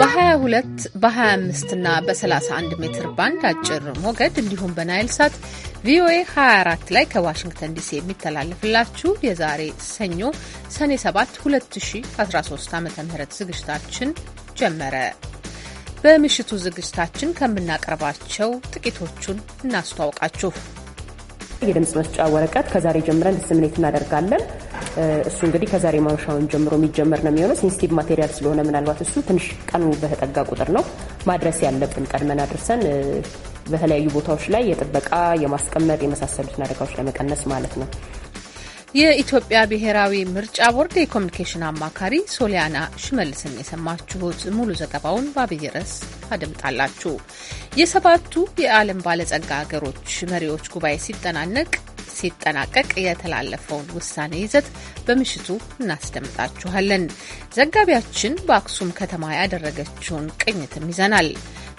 በ22 በ25 እና በ31 ሜትር ባንድ አጭር ሞገድ እንዲሁም በናይል ሳት ቪኦኤ 24 ላይ ከዋሽንግተን ዲሲ የሚተላለፍላችሁ የዛሬ ሰኞ ሰኔ 7 2013 ዓ ም ዝግጅታችን ጀመረ። በምሽቱ ዝግጅታችን ከምናቀርባቸው ጥቂቶቹን እናስተዋውቃችሁ። የድምፅ መስጫ ወረቀት ከዛሬ ጀምረን ዲስሚኔት እናደርጋለን። እሱ እንግዲህ ከዛሬ ማምሻውን ጀምሮ የሚጀመር ነው የሚሆነው። ሴንሲቲቭ ማቴሪያል ስለሆነ ምናልባት እሱ ትንሽ ቀኑ በተጠጋ ቁጥር ነው ማድረስ ያለብን። ቀድመን አድርሰን በተለያዩ ቦታዎች ላይ የጥበቃ የማስቀመጥ የመሳሰሉትን አደጋዎች ለመቀነስ ማለት ነው። የኢትዮጵያ ብሔራዊ ምርጫ ቦርድ የኮሚኒኬሽን አማካሪ ሶሊያና ሽመልስን የሰማችሁት። ሙሉ ዘገባውን በአብይ ርዕስ አድምጣላችሁ። የሰባቱ የዓለም ባለጸጋ ሀገሮች መሪዎች ጉባኤ ሲጠናነቅ ሲጠናቀቅ የተላለፈውን ውሳኔ ይዘት በምሽቱ እናስደምጣችኋለን። ዘጋቢያችን በአክሱም ከተማ ያደረገችውን ቅኝትም ይዘናል።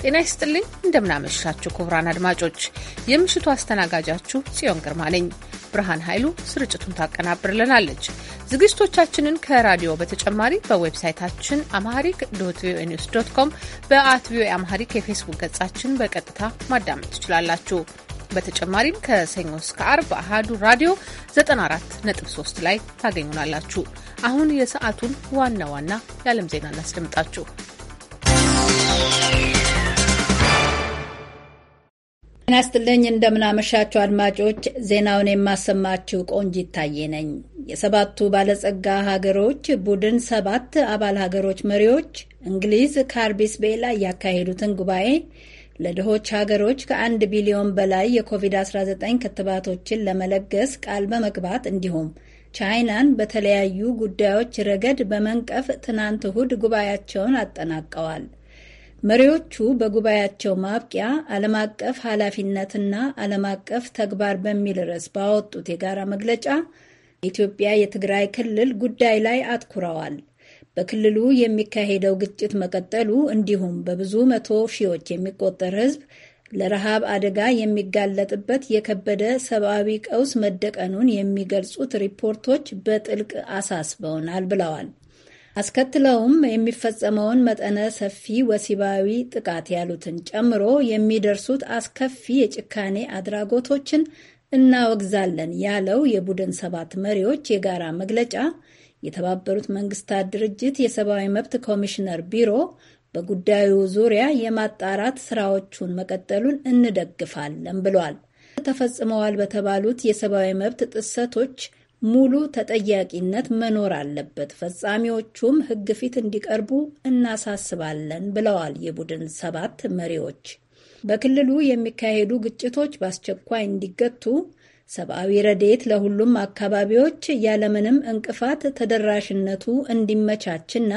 ጤና ይስጥልኝ። እንደምናመሻችሁ ክቡራን አድማጮች፣ የምሽቱ አስተናጋጃችሁ ጽዮን ግርማ ነኝ። ብርሃን ኃይሉ ስርጭቱን ታቀናብርልናለች። ዝግጅቶቻችንን ከራዲዮ በተጨማሪ በዌብሳይታችን አማሪክ ዶት ቪኦኤ ኒውስ ዶት ኮም፣ በአት ቪኦኤ አማሪክ የፌስቡክ ገጻችን በቀጥታ ማዳመጥ ትችላላችሁ። በተጨማሪም ከሰኞ እስከ አርብ አሃዱ ራዲዮ 94.3 ላይ ታገኙናላችሁ። አሁን የሰዓቱን ዋና ዋና የዓለም ዜና እናስደምጣችሁ። ጤና ይስጥልኝ እንደምናመሻችሁ አድማጮች፣ ዜናውን የማሰማችው ቆንጅ ይታየ ነኝ። የሰባቱ ባለጸጋ ሀገሮች ቡድን ሰባት አባል ሀገሮች መሪዎች እንግሊዝ ካርቢስ ቤ ላይ ያካሄዱትን ጉባኤ ለድሆች ሀገሮች ከአንድ ቢሊዮን በላይ የኮቪድ-19 ክትባቶችን ለመለገስ ቃል በመግባት እንዲሁም ቻይናን በተለያዩ ጉዳዮች ረገድ በመንቀፍ ትናንት እሁድ ጉባኤያቸውን አጠናቀዋል። መሪዎቹ በጉባኤያቸው ማብቂያ ዓለም አቀፍ ኃላፊነትና ዓለም አቀፍ ተግባር በሚል ርዕስ ባወጡት የጋራ መግለጫ የኢትዮጵያ የትግራይ ክልል ጉዳይ ላይ አትኩረዋል። በክልሉ የሚካሄደው ግጭት መቀጠሉ እንዲሁም በብዙ መቶ ሺዎች የሚቆጠር ሕዝብ ለረሃብ አደጋ የሚጋለጥበት የከበደ ሰብአዊ ቀውስ መደቀኑን የሚገልጹት ሪፖርቶች በጥልቅ አሳስበውናል ብለዋል። አስከትለውም የሚፈጸመውን መጠነ ሰፊ ወሲባዊ ጥቃት ያሉትን ጨምሮ የሚደርሱት አስከፊ የጭካኔ አድራጎቶችን እናወግዛለን ያለው የቡድን ሰባት መሪዎች የጋራ መግለጫ የተባበሩት መንግስታት ድርጅት የሰብአዊ መብት ኮሚሽነር ቢሮ በጉዳዩ ዙሪያ የማጣራት ስራዎቹን መቀጠሉን እንደግፋለን ብሏል። ተፈጽመዋል በተባሉት የሰብአዊ መብት ጥሰቶች ሙሉ ተጠያቂነት መኖር አለበት፣ ፈጻሚዎቹም ሕግ ፊት እንዲቀርቡ እናሳስባለን ብለዋል የቡድን ሰባት መሪዎች። በክልሉ የሚካሄዱ ግጭቶች በአስቸኳይ እንዲገቱ ሰብአዊ ረድኤት ለሁሉም አካባቢዎች ያለምንም እንቅፋት ተደራሽነቱ እንዲመቻችና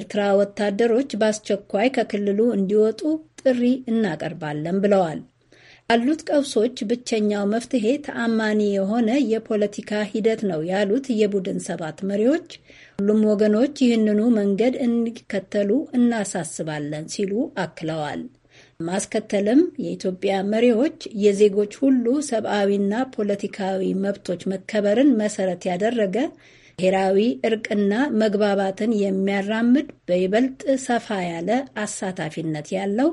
ኤርትራ ወታደሮች በአስቸኳይ ከክልሉ እንዲወጡ ጥሪ እናቀርባለን ብለዋል። ያሉት ቀውሶች ብቸኛው መፍትሄ ተአማኒ የሆነ የፖለቲካ ሂደት ነው ያሉት የቡድን ሰባት መሪዎች ሁሉም ወገኖች ይህንኑ መንገድ እንዲከተሉ እናሳስባለን ሲሉ አክለዋል። ማስከተልም የኢትዮጵያ መሪዎች የዜጎች ሁሉ ሰብአዊና ፖለቲካዊ መብቶች መከበርን መሰረት ያደረገ ብሔራዊ እርቅና መግባባትን የሚያራምድ በይበልጥ ሰፋ ያለ አሳታፊነት ያለው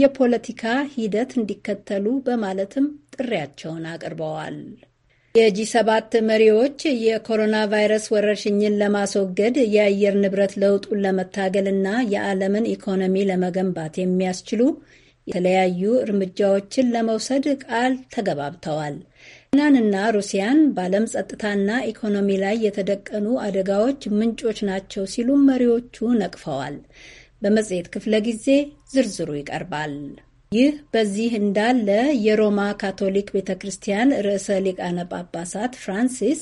የፖለቲካ ሂደት እንዲከተሉ በማለትም ጥሪያቸውን አቅርበዋል። የጂ ሰባት መሪዎች የኮሮና ቫይረስ ወረርሽኝን ለማስወገድ የአየር ንብረት ለውጡን ለመታገልና የዓለምን ኢኮኖሚ ለመገንባት የሚያስችሉ የተለያዩ እርምጃዎችን ለመውሰድ ቃል ተገባብተዋል። ቻይናንና ሩሲያን በዓለም ጸጥታና ኢኮኖሚ ላይ የተደቀኑ አደጋዎች ምንጮች ናቸው ሲሉም መሪዎቹ ነቅፈዋል። በመጽሔት ክፍለ ጊዜ ዝርዝሩ ይቀርባል። ይህ በዚህ እንዳለ የሮማ ካቶሊክ ቤተ ክርስቲያን ርዕሰ ሊቃነ ጳጳሳት ፍራንሲስ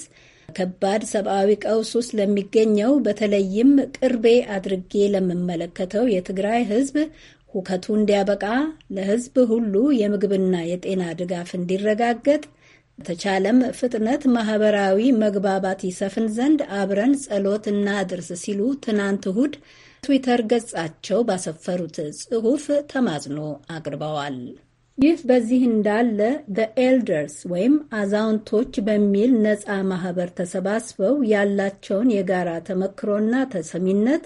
ከባድ ሰብአዊ ቀውስ ውስጥ ለሚገኘው በተለይም ቅርቤ አድርጌ ለምመለከተው የትግራይ ሕዝብ ሁከቱ እንዲያበቃ፣ ለሕዝብ ሁሉ የምግብና የጤና ድጋፍ እንዲረጋገጥ፣ በተቻለም ፍጥነት ማህበራዊ መግባባት ይሰፍን ዘንድ አብረን ጸሎት እናድርስ ሲሉ ትናንት እሁድ ትዊተር ገጻቸው ባሰፈሩት ጽሑፍ ተማጽኖ አቅርበዋል። ይህ በዚህ እንዳለ በኤልደርስ ወይም አዛውንቶች በሚል ነፃ ማህበር ተሰባስበው ያላቸውን የጋራ ተመክሮና ተሰሚነት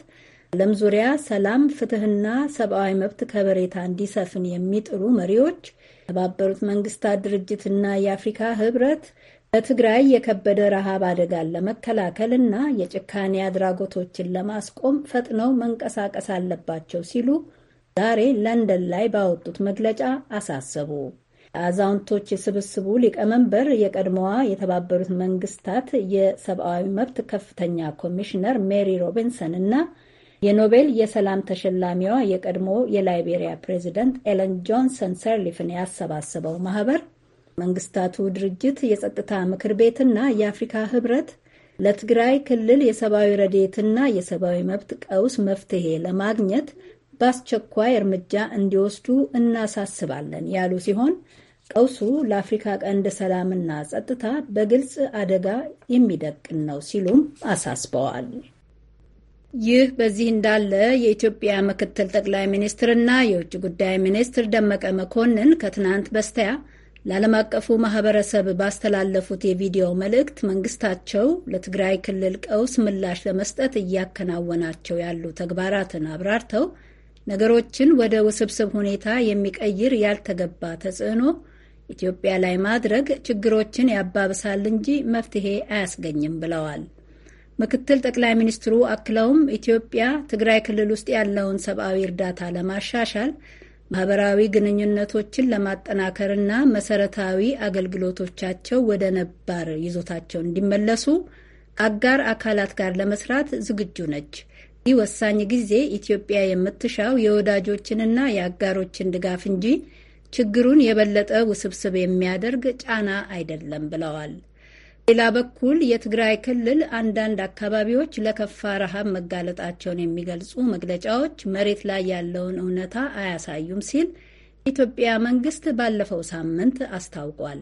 ዓለም ዙሪያ ሰላም፣ ፍትህና ሰብአዊ መብት ከበሬታ እንዲሰፍን የሚጥሩ መሪዎች የተባበሩት መንግስታት ድርጅትና የአፍሪካ ህብረት በትግራይ የከበደ ረሃብ አደጋን ለመከላከል እና የጭካኔ አድራጎቶችን ለማስቆም ፈጥነው መንቀሳቀስ አለባቸው ሲሉ ዛሬ ለንደን ላይ ባወጡት መግለጫ አሳሰቡ። የአዛውንቶች ስብስቡ ሊቀመንበር የቀድሞዋ የተባበሩት መንግስታት የሰብአዊ መብት ከፍተኛ ኮሚሽነር ሜሪ ሮቢንሰን እና የኖቤል የሰላም ተሸላሚዋ የቀድሞ የላይቤሪያ ፕሬዚደንት ኤለን ጆንሰን ሰርሊፍን ያሰባሰበው ማህበር መንግስታቱ ድርጅት የጸጥታ ምክር ቤትና የአፍሪካ ህብረት ለትግራይ ክልል የሰብአዊ ረዴትና የሰብአዊ መብት ቀውስ መፍትሄ ለማግኘት በአስቸኳይ እርምጃ እንዲወስዱ እናሳስባለን ያሉ ሲሆን ቀውሱ ለአፍሪካ ቀንድ ሰላምና ጸጥታ በግልጽ አደጋ የሚደቅን ነው ሲሉም አሳስበዋል። ይህ በዚህ እንዳለ የኢትዮጵያ ምክትል ጠቅላይ ሚኒስትርና የውጭ ጉዳይ ሚኒስትር ደመቀ መኮንን ከትናንት በስቲያ ለዓለም አቀፉ ማህበረሰብ ባስተላለፉት የቪዲዮ መልእክት መንግስታቸው ለትግራይ ክልል ቀውስ ምላሽ ለመስጠት እያከናወናቸው ያሉ ተግባራትን አብራርተው ነገሮችን ወደ ውስብስብ ሁኔታ የሚቀይር ያልተገባ ተጽዕኖ ኢትዮጵያ ላይ ማድረግ ችግሮችን ያባብሳል እንጂ መፍትሄ አያስገኝም ብለዋል። ምክትል ጠቅላይ ሚኒስትሩ አክለውም ኢትዮጵያ ትግራይ ክልል ውስጥ ያለውን ሰብአዊ እርዳታ ለማሻሻል ማህበራዊ ግንኙነቶችን ለማጠናከርና መሰረታዊ አገልግሎቶቻቸው ወደ ነባር ይዞታቸው እንዲመለሱ አጋር አካላት ጋር ለመስራት ዝግጁ ነች። ይህ ወሳኝ ጊዜ ኢትዮጵያ የምትሻው የወዳጆችንና የአጋሮችን ድጋፍ እንጂ ችግሩን የበለጠ ውስብስብ የሚያደርግ ጫና አይደለም ብለዋል። ሌላ በኩል የትግራይ ክልል አንዳንድ አካባቢዎች ለከፋ ረሃብ መጋለጣቸውን የሚገልጹ መግለጫዎች መሬት ላይ ያለውን እውነታ አያሳዩም ሲል የኢትዮጵያ መንግስት ባለፈው ሳምንት አስታውቋል።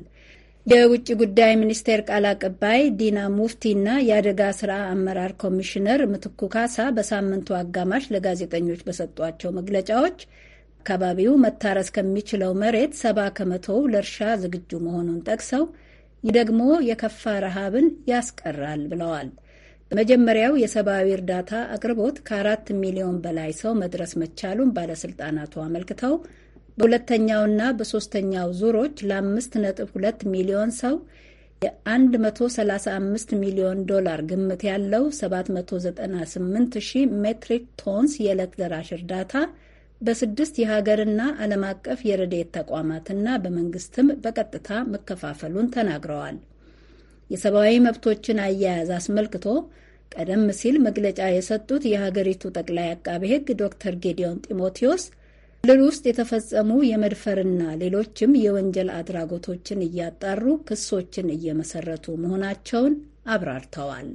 የውጭ ጉዳይ ሚኒስቴር ቃል አቀባይ ዲና ሙፍቲ እና የአደጋ ስራ አመራር ኮሚሽነር ምትኩ ካሳ በሳምንቱ አጋማሽ ለጋዜጠኞች በሰጧቸው መግለጫዎች አካባቢው መታረስ ከሚችለው መሬት ሰባ ከመቶው ለእርሻ ዝግጁ መሆኑን ጠቅሰው ይህ ደግሞ የከፋ ረሃብን ያስቀራል ብለዋል። በመጀመሪያው የሰብአዊ እርዳታ አቅርቦት ከአራት ሚሊዮን በላይ ሰው መድረስ መቻሉን ባለስልጣናቱ አመልክተው በሁለተኛውና በሶስተኛው ዙሮች ለአምስት ነጥብ ሁለት ሚሊዮን ሰው የ135 ሚሊዮን ዶላር ግምት ያለው 798 ሺህ ሜትሪክ ቶንስ የዕለት ደራሽ እርዳታ በስድስት የሀገርና ዓለም አቀፍ የረድኤት ተቋማትና በመንግስትም በቀጥታ መከፋፈሉን ተናግረዋል። የሰብአዊ መብቶችን አያያዝ አስመልክቶ ቀደም ሲል መግለጫ የሰጡት የሀገሪቱ ጠቅላይ አቃቤ ሕግ ዶክተር ጌዲዮን ጢሞቴዎስ ክልል ውስጥ የተፈጸሙ የመድፈርና ሌሎችም የወንጀል አድራጎቶችን እያጣሩ ክሶችን እየመሰረቱ መሆናቸውን አብራርተዋል።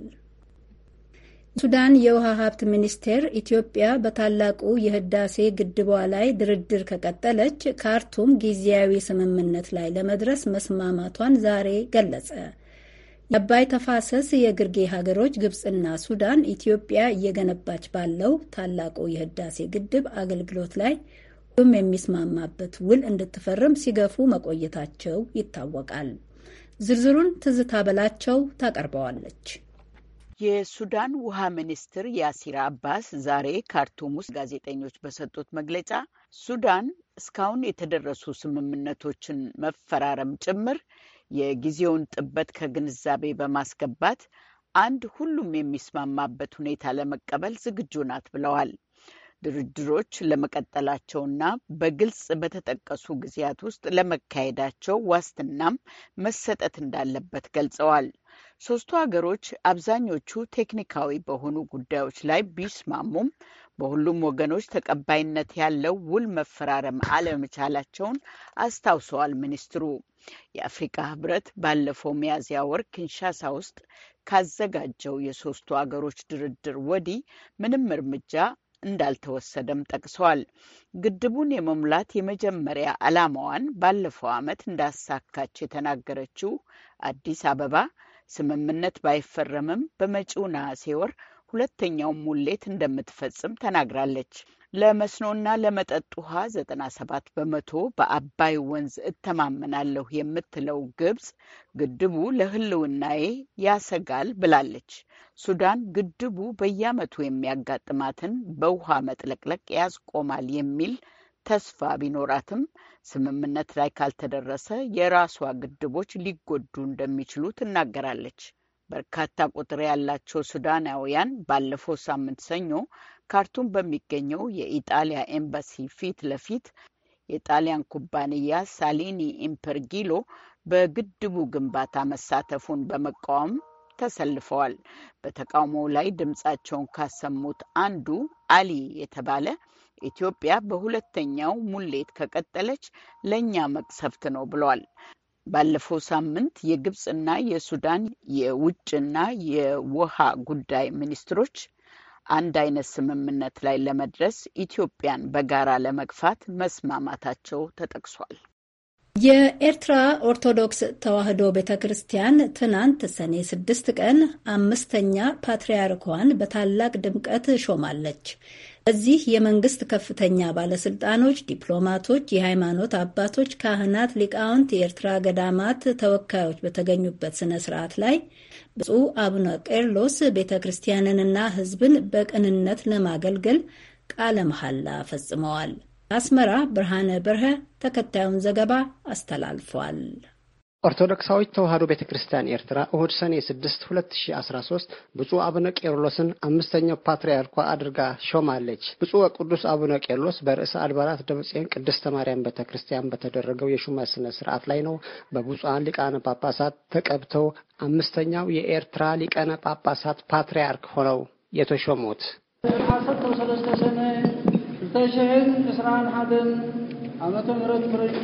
ሱዳን የውሃ ሀብት ሚኒስቴር ኢትዮጵያ በታላቁ የህዳሴ ግድቧ ላይ ድርድር ከቀጠለች ካርቱም ጊዜያዊ ስምምነት ላይ ለመድረስ መስማማቷን ዛሬ ገለጸ። የአባይ ተፋሰስ የግርጌ ሀገሮች ግብፅና ሱዳን ኢትዮጵያ እየገነባች ባለው ታላቁ የህዳሴ ግድብ አገልግሎት ላይ ሁሉም የሚስማማበት ውል እንድትፈርም ሲገፉ መቆየታቸው ይታወቃል። ዝርዝሩን ትዝታ በላቸው ታቀርበዋለች። የሱዳን ውሃ ሚኒስትር ያሲር አባስ ዛሬ ካርቱም ውስጥ ጋዜጠኞች በሰጡት መግለጫ ሱዳን እስካሁን የተደረሱ ስምምነቶችን መፈራረም ጭምር የጊዜውን ጥበት ከግንዛቤ በማስገባት አንድ ሁሉም የሚስማማበት ሁኔታ ለመቀበል ዝግጁ ናት ብለዋል። ድርድሮች ለመቀጠላቸውና በግልጽ በተጠቀሱ ጊዜያት ውስጥ ለመካሄዳቸው ዋስትናም መሰጠት እንዳለበት ገልጸዋል። ሶስቱ ሀገሮች አብዛኞቹ ቴክኒካዊ በሆኑ ጉዳዮች ላይ ቢስማሙም በሁሉም ወገኖች ተቀባይነት ያለው ውል መፈራረም አለመቻላቸውን አስታውሰዋል። ሚኒስትሩ የአፍሪካ ህብረት ባለፈው ሚያዝያ ወር ኪንሻሳ ውስጥ ካዘጋጀው የሶስቱ ሀገሮች ድርድር ወዲህ ምንም እርምጃ እንዳልተወሰደም ጠቅሰዋል። ግድቡን የመሙላት የመጀመሪያ ዓላማዋን ባለፈው ዓመት እንዳሳካች የተናገረችው አዲስ አበባ ስምምነት ባይፈረምም በመጪው ነሐሴ ወር ሁለተኛውን ሙሌት እንደምትፈጽም ተናግራለች። ለመስኖና ለመጠጥ ውሃ 97 በመቶ በአባይ ወንዝ እተማመናለሁ የምትለው ግብፅ ግድቡ ለሕልውናዬ ያሰጋል ብላለች። ሱዳን ግድቡ በየዓመቱ የሚያጋጥማትን በውሃ መጥለቅለቅ ያስቆማል የሚል ተስፋ ቢኖራትም ስምምነት ላይ ካልተደረሰ የራሷ ግድቦች ሊጎዱ እንደሚችሉ ትናገራለች። በርካታ ቁጥር ያላቸው ሱዳናውያን ባለፈው ሳምንት ሰኞ ካርቱም በሚገኘው የኢጣሊያ ኤምባሲ ፊት ለፊት የጣሊያን ኩባንያ ሳሊኒ ኢምፐርጊሎ በግድቡ ግንባታ መሳተፉን በመቃወም ተሰልፈዋል። በተቃውሞው ላይ ድምጻቸውን ካሰሙት አንዱ አሊ የተባለ ኢትዮጵያ በሁለተኛው ሙሌት ከቀጠለች ለእኛ መቅሰፍት ነው ብሏል። ባለፈው ሳምንት የግብፅና የሱዳን የውጭና የውሃ ጉዳይ ሚኒስትሮች አንድ አይነት ስምምነት ላይ ለመድረስ ኢትዮጵያን በጋራ ለመግፋት መስማማታቸው ተጠቅሷል። የኤርትራ ኦርቶዶክስ ተዋሕዶ ቤተ ክርስቲያን ትናንት ሰኔ ስድስት ቀን አምስተኛ ፓትርያርኳን በታላቅ ድምቀት ሾማለች። እዚህ የመንግስት ከፍተኛ ባለስልጣኖች፣ ዲፕሎማቶች፣ የሃይማኖት አባቶች፣ ካህናት፣ ሊቃውንት፣ የኤርትራ ገዳማት ተወካዮች በተገኙበት ስነ ስርዓት ላይ ብፁዕ አቡነ ቄርሎስ ቤተ ክርስቲያንንና ሕዝብን በቅንነት ለማገልገል ቃለ መሐላ ፈጽመዋል። አስመራ ብርሃነ በርሀ ተከታዩን ዘገባ አስተላልፏል። ኦርቶዶክሳዊት ተዋሕዶ ቤተ ክርስቲያን ኤርትራ እሁድ ሰኔ 6 2013 ብፁዕ አቡነ ቄርሎስን አምስተኛው ፓትርያርኳ አድርጋ ሾማለች። ብፁዕ ቅዱስ አቡነ ቄርሎስ በርዕሰ አድባራት ደብረጽዮን ቅድስተ ማርያም ቤተ ክርስቲያን በተደረገው የሹመት ስነ ስርዓት ላይ ነው በብፁዓን ሊቃነ ጳጳሳት ተቀብተው አምስተኛው የኤርትራ ሊቃነ ጳጳሳት ፓትርያርክ ሆነው የተሾሙት ሰለስተ ሰነ 2021 ዓመተ ምህረት ፍረጂ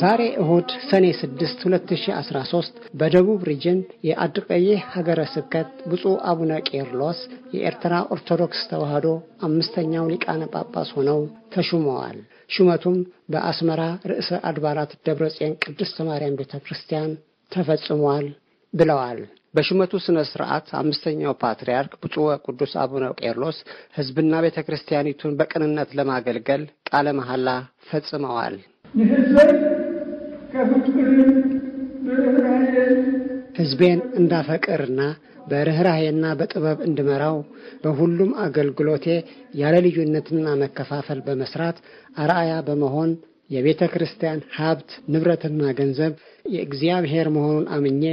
ዛሬ እሁድ ሰኔ 6 2013 በደቡብ ሪጅን የአድቀየ ሀገረ ስብከት ብፁዕ አቡነ ቄርሎስ የኤርትራ ኦርቶዶክስ ተዋሕዶ አምስተኛው ሊቃነ ጳጳስ ሆነው ተሹመዋል። ሹመቱም በአስመራ ርዕሰ አድባራት ደብረ ጽዮን ቅድስተ ማርያም ቤተ ክርስቲያን ተፈጽሟል ብለዋል። በሹመቱ ስነ ስርዓት አምስተኛው ፓትርያርክ ብፁዕ ቅዱስ አቡነ ቄርሎስ ሕዝብና ቤተ ክርስቲያኒቱን በቅንነት ለማገልገል ቃለ መሐላ ፈጽመዋል። ህዝቤን እንዳፈቅርና በርኅራኄና በጥበብ እንድመራው በሁሉም አገልግሎቴ ያለ ልዩነትና መከፋፈል በመስራት አርአያ በመሆን የቤተ ክርስቲያን ሀብት ንብረትና ገንዘብ የእግዚአብሔር መሆኑን አምኜ